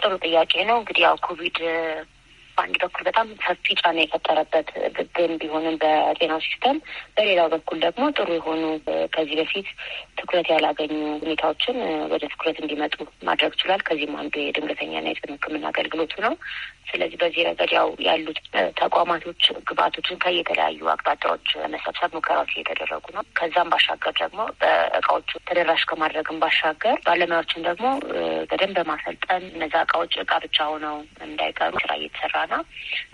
ጥሩ ጥያቄ ነው። እንግዲህ ያው ኮቪድ በአንድ በኩል በጣም ሰፊ ጫና የፈጠረበት ግን ቢሆንም በጤናው ሲስተም፣ በሌላው በኩል ደግሞ ጥሩ የሆኑ ከዚህ በፊት ትኩረት ያላገኙ ሁኔታዎችን ወደ ትኩረት እንዲመጡ ማድረግ ችሏል። ከዚህም አንዱ የድንገተኛና የጽኑ ሕክምና አገልግሎቱ ነው። ስለዚህ በዚህ ረገድ ያው ያሉት ተቋማቶች ግብአቶችን ከየተለያዩ አቅጣጫዎች መሰብሰብ ሙከራዎች እየተደረጉ ነው። ከዛም ባሻገር ደግሞ በእቃዎቹ ተደራሽ ከማድረግም ባሻገር ባለሙያዎችን ደግሞ በደንብ በማሰልጠን እነዛ እቃዎች እቃ ብቻ ሆነው እንዳይቀሩ ስራ እየተሰራ ነው።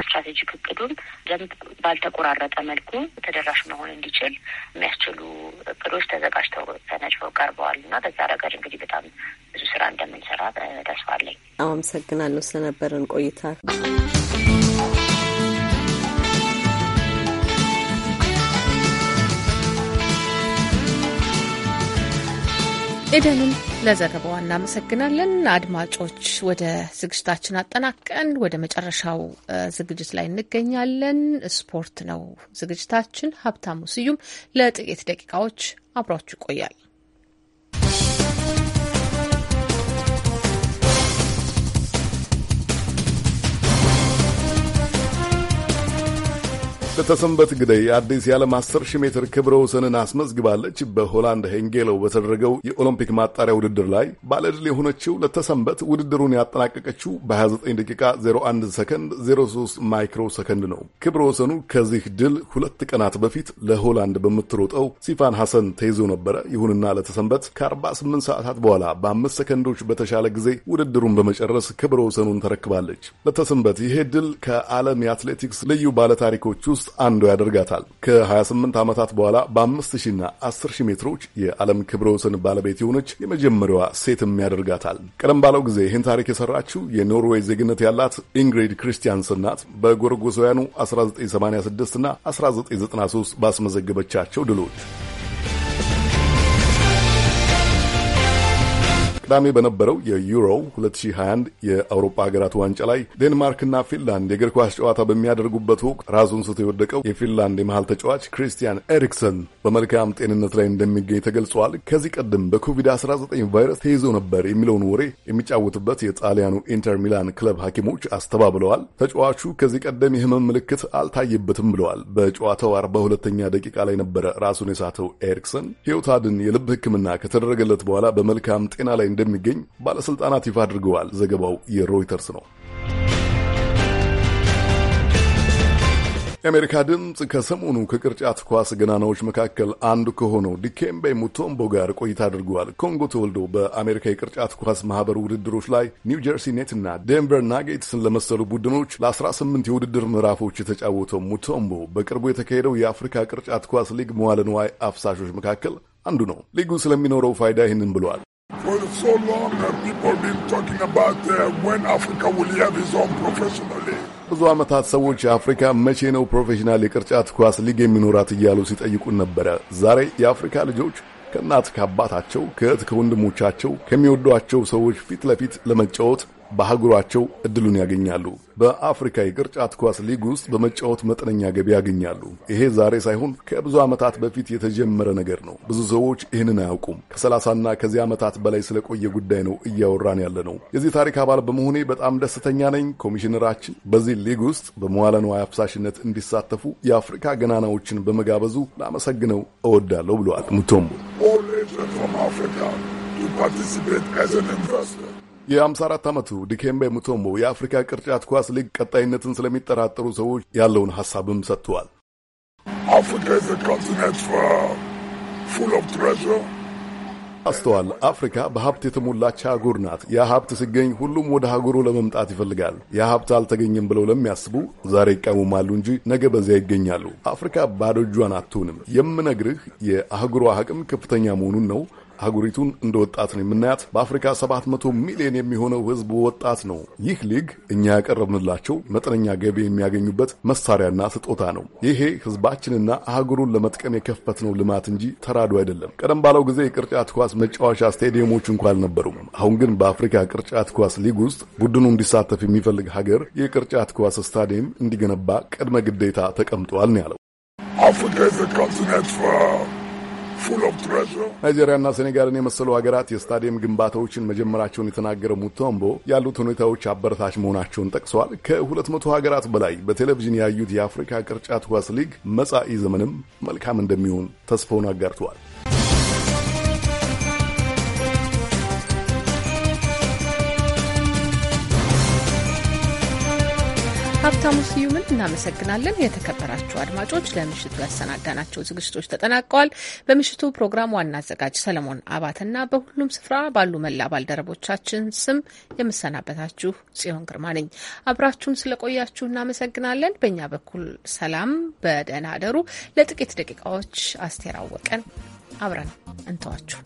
ስትራቴጂክ እቅዱን ደንብ ባልተቆራረጠ መልኩ ተደራሽ መሆን እንዲችል የሚያስችሉ እቅዶች ተዘጋጅተው ተነጭፈው ቀርበዋል እና በዛ ረገድ እንግዲህ በጣም ብዙ ስራ እንደምንሰራ ተስፋ አለኝ። አመሰግናለሁ ስለነበረን ቆይታ ኤደንን ለዘገባዋ እናመሰግናለን። አድማጮች ወደ ዝግጅታችን አጠናቀን ወደ መጨረሻው ዝግጅት ላይ እንገኛለን። ስፖርት ነው ዝግጅታችን። ሀብታሙ ስዩም ለጥቂት ደቂቃዎች አብሯችሁ ይቆያል። በተሰንበት ግደይ አዲስ የዓለም 10 ሺህ ሜትር ክብረ ወሰንን አስመዝግባለች። በሆላንድ ሄንጌሎ በተደረገው የኦሎምፒክ ማጣሪያ ውድድር ላይ ባለድል የሆነችው ለተሰንበት ውድድሩን ያጠናቀቀችው በ29 ደቂቃ 01 ሰከንድ 03 ማይክሮ ሰከንድ ነው። ክብረ ወሰኑ ከዚህ ድል ሁለት ቀናት በፊት ለሆላንድ በምትሮጠው ሲፋን ሐሰን ተይዞ ነበረ። ይሁንና ለተሰንበት ከ48 ሰዓታት በኋላ በአምስት ሰከንዶች በተሻለ ጊዜ ውድድሩን በመጨረስ ክብረ ወሰኑን ተረክባለች። ለተሰንበት ይሄ ድል ከዓለም የአትሌቲክስ ልዩ ባለታሪኮች ውስጥ ውስጥ አንዱ ያደርጋታል። ከ28 ዓመታት በኋላ በ5000ና 10000 ሜትሮች የዓለም ክብረ ወሰን ባለቤት የሆነች የመጀመሪያዋ ሴትም ያደርጋታል። ቀደም ባለው ጊዜ ይህን ታሪክ የሰራችው የኖርዌይ ዜግነት ያላት ኢንግሪድ ክርስቲያንስን ናት። በጎረጎሳውያኑ 1986ና 1993 ባስመዘገበቻቸው ድሎች ቅዳሜ በነበረው የዩሮ 2021 የአውሮፓ ሀገራት ዋንጫ ላይ ዴንማርክና ፊንላንድ የእግር ኳስ ጨዋታ በሚያደርጉበት ወቅት ራሱን ስቶ የወደቀው የፊንላንድ የመሃል ተጫዋች ክሪስቲያን ኤሪክሰን በመልካም ጤንነት ላይ እንደሚገኝ ተገልጿል። ከዚህ ቀደም በኮቪድ-19 ቫይረስ ተይዞ ነበር የሚለውን ወሬ የሚጫወትበት የጣሊያኑ ኢንተር ሚላን ክለብ ሐኪሞች አስተባብለዋል። ተጫዋቹ ከዚህ ቀደም የህመም ምልክት አልታየበትም ብለዋል። በጨዋታው 42ኛ ደቂቃ ላይ ነበረ ራሱን የሳተው ኤሪክሰን ሕይወት አድን የልብ ሕክምና ከተደረገለት በኋላ በመልካም ጤና ላይ እንደሚገኝ ባለሥልጣናት ይፋ አድርገዋል። ዘገባው የሮይተርስ ነው። የአሜሪካ ድምፅ ከሰሞኑ ከቅርጫት ኳስ ገናናዎች መካከል አንዱ ከሆነው ዲኬምቤ ሙቶምቦ ጋር ቆይታ አድርገዋል። ኮንጎ ተወልዶ በአሜሪካ የቅርጫት ኳስ ማህበር ውድድሮች ላይ ኒው ጀርሲ ኔት እና ዴንቨር ናጌትስን ለመሰሉ ቡድኖች ለ18 የውድድር ምዕራፎች የተጫወተው ሙቶምቦ በቅርቡ የተካሄደው የአፍሪካ ቅርጫት ኳስ ሊግ መዋለ ንዋይ አፍሳሾች መካከል አንዱ ነው። ሊጉ ስለሚኖረው ፋይዳ ይህንን ብለዋል። so long have people been talking about uh, when Africa will have its own professional league. ብዙ ዓመታት ሰዎች አፍሪካ መቼ ነው ፕሮፌሽናል የቅርጫት ኳስ ሊግ የሚኖራት እያሉ ሲጠይቁን ነበረ። ዛሬ የአፍሪካ ልጆች ከእናት ከአባታቸው፣ ከእህት ከወንድሞቻቸው፣ ከሚወዷቸው ሰዎች ፊት ለፊት ለመጫወት በሀገሯቸው እድሉን ያገኛሉ። በአፍሪካ የቅርጫት ኳስ ሊግ ውስጥ በመጫወት መጠነኛ ገቢ ያገኛሉ። ይሄ ዛሬ ሳይሆን ከብዙ ዓመታት በፊት የተጀመረ ነገር ነው። ብዙ ሰዎች ይህንን አያውቁም። ከሰላሳና ከዚህ ዓመታት በላይ ስለቆየ ጉዳይ ነው እያወራን ያለ ነው። የዚህ ታሪክ አባል በመሆኔ በጣም ደስተኛ ነኝ። ኮሚሽነራችን በዚህ ሊግ ውስጥ በመዋለ ንዋይ አፍሳሽነት እንዲሳተፉ የአፍሪካ ገናናዎችን በመጋበዙ ላመሰግነው እወዳለሁ ብለዋል ሙቶምቦ የ54 ዓመቱ ዲኬምቤ ሙቶምቦ የአፍሪካ ቅርጫት ኳስ ሊግ ቀጣይነትን ስለሚጠራጠሩ ሰዎች ያለውን ሐሳብም ሰጥተዋል። አስተዋል አፍሪካ በሀብት የተሞላች አህጉር ናት። ያ ሀብት ሲገኝ ሁሉም ወደ ሀገሩ ለመምጣት ይፈልጋል። ያ ሀብት አልተገኘም ብለው ለሚያስቡ ዛሬ ይቃወማሉ እንጂ ነገ በዚያ ይገኛሉ። አፍሪካ ባዶ እጇን አትሆንም። የምነግርህ የአህጉሯ አቅም ከፍተኛ መሆኑን ነው። ሀጉሪቱን እንደ ወጣት ነው የምናያት። በአፍሪካ 700 ሚሊዮን የሚሆነው ህዝብ ወጣት ነው። ይህ ሊግ እኛ ያቀረብንላቸው መጠነኛ ገቢ የሚያገኙበት መሳሪያና ስጦታ ነው። ይሄ ህዝባችንና አህጉሩን ለመጥቀም የከፈትነው ልማት እንጂ ተራዶ አይደለም። ቀደም ባለው ጊዜ የቅርጫት ኳስ መጫወቻ ስታዲየሞች እንኳ አልነበሩም። አሁን ግን በአፍሪካ ቅርጫት ኳስ ሊግ ውስጥ ቡድኑ እንዲሳተፍ የሚፈልግ ሀገር የቅርጫት ኳስ ስታዲየም እንዲገነባ ቅድመ ግዴታ ተቀምጠዋል ነው ያለው። ናይጄሪያና ሴኔጋልን የመሰሉ ሀገራት የስታዲየም ግንባታዎችን መጀመራቸውን የተናገረው ሙቶምቦ ያሉት ሁኔታዎች አበረታች መሆናቸውን ጠቅሰዋል። ከሁለት መቶ ሀገራት በላይ በቴሌቪዥን ያዩት የአፍሪካ ቅርጫት ኳስ ሊግ መጻኢ ዘመንም መልካም እንደሚሆን ተስፋውን አጋርተዋል። ሀብታሙ ስዩምን እናመሰግናለን። የተከበራችሁ አድማጮች ለምሽቱ ያሰናዳናቸው ዝግጅቶች ተጠናቀዋል። በምሽቱ ፕሮግራም ዋና አዘጋጅ ሰለሞን አባትና በሁሉም ስፍራ ባሉ መላ ባልደረቦቻችን ስም የምሰናበታችሁ ጽዮን ግርማ ነኝ። አብራችሁን ስለቆያችሁ እናመሰግናለን። በእኛ በኩል ሰላም፣ በደህና አደሩ። ለጥቂት ደቂቃዎች አስቴር አወቀን አብረን እንተዋችሁ።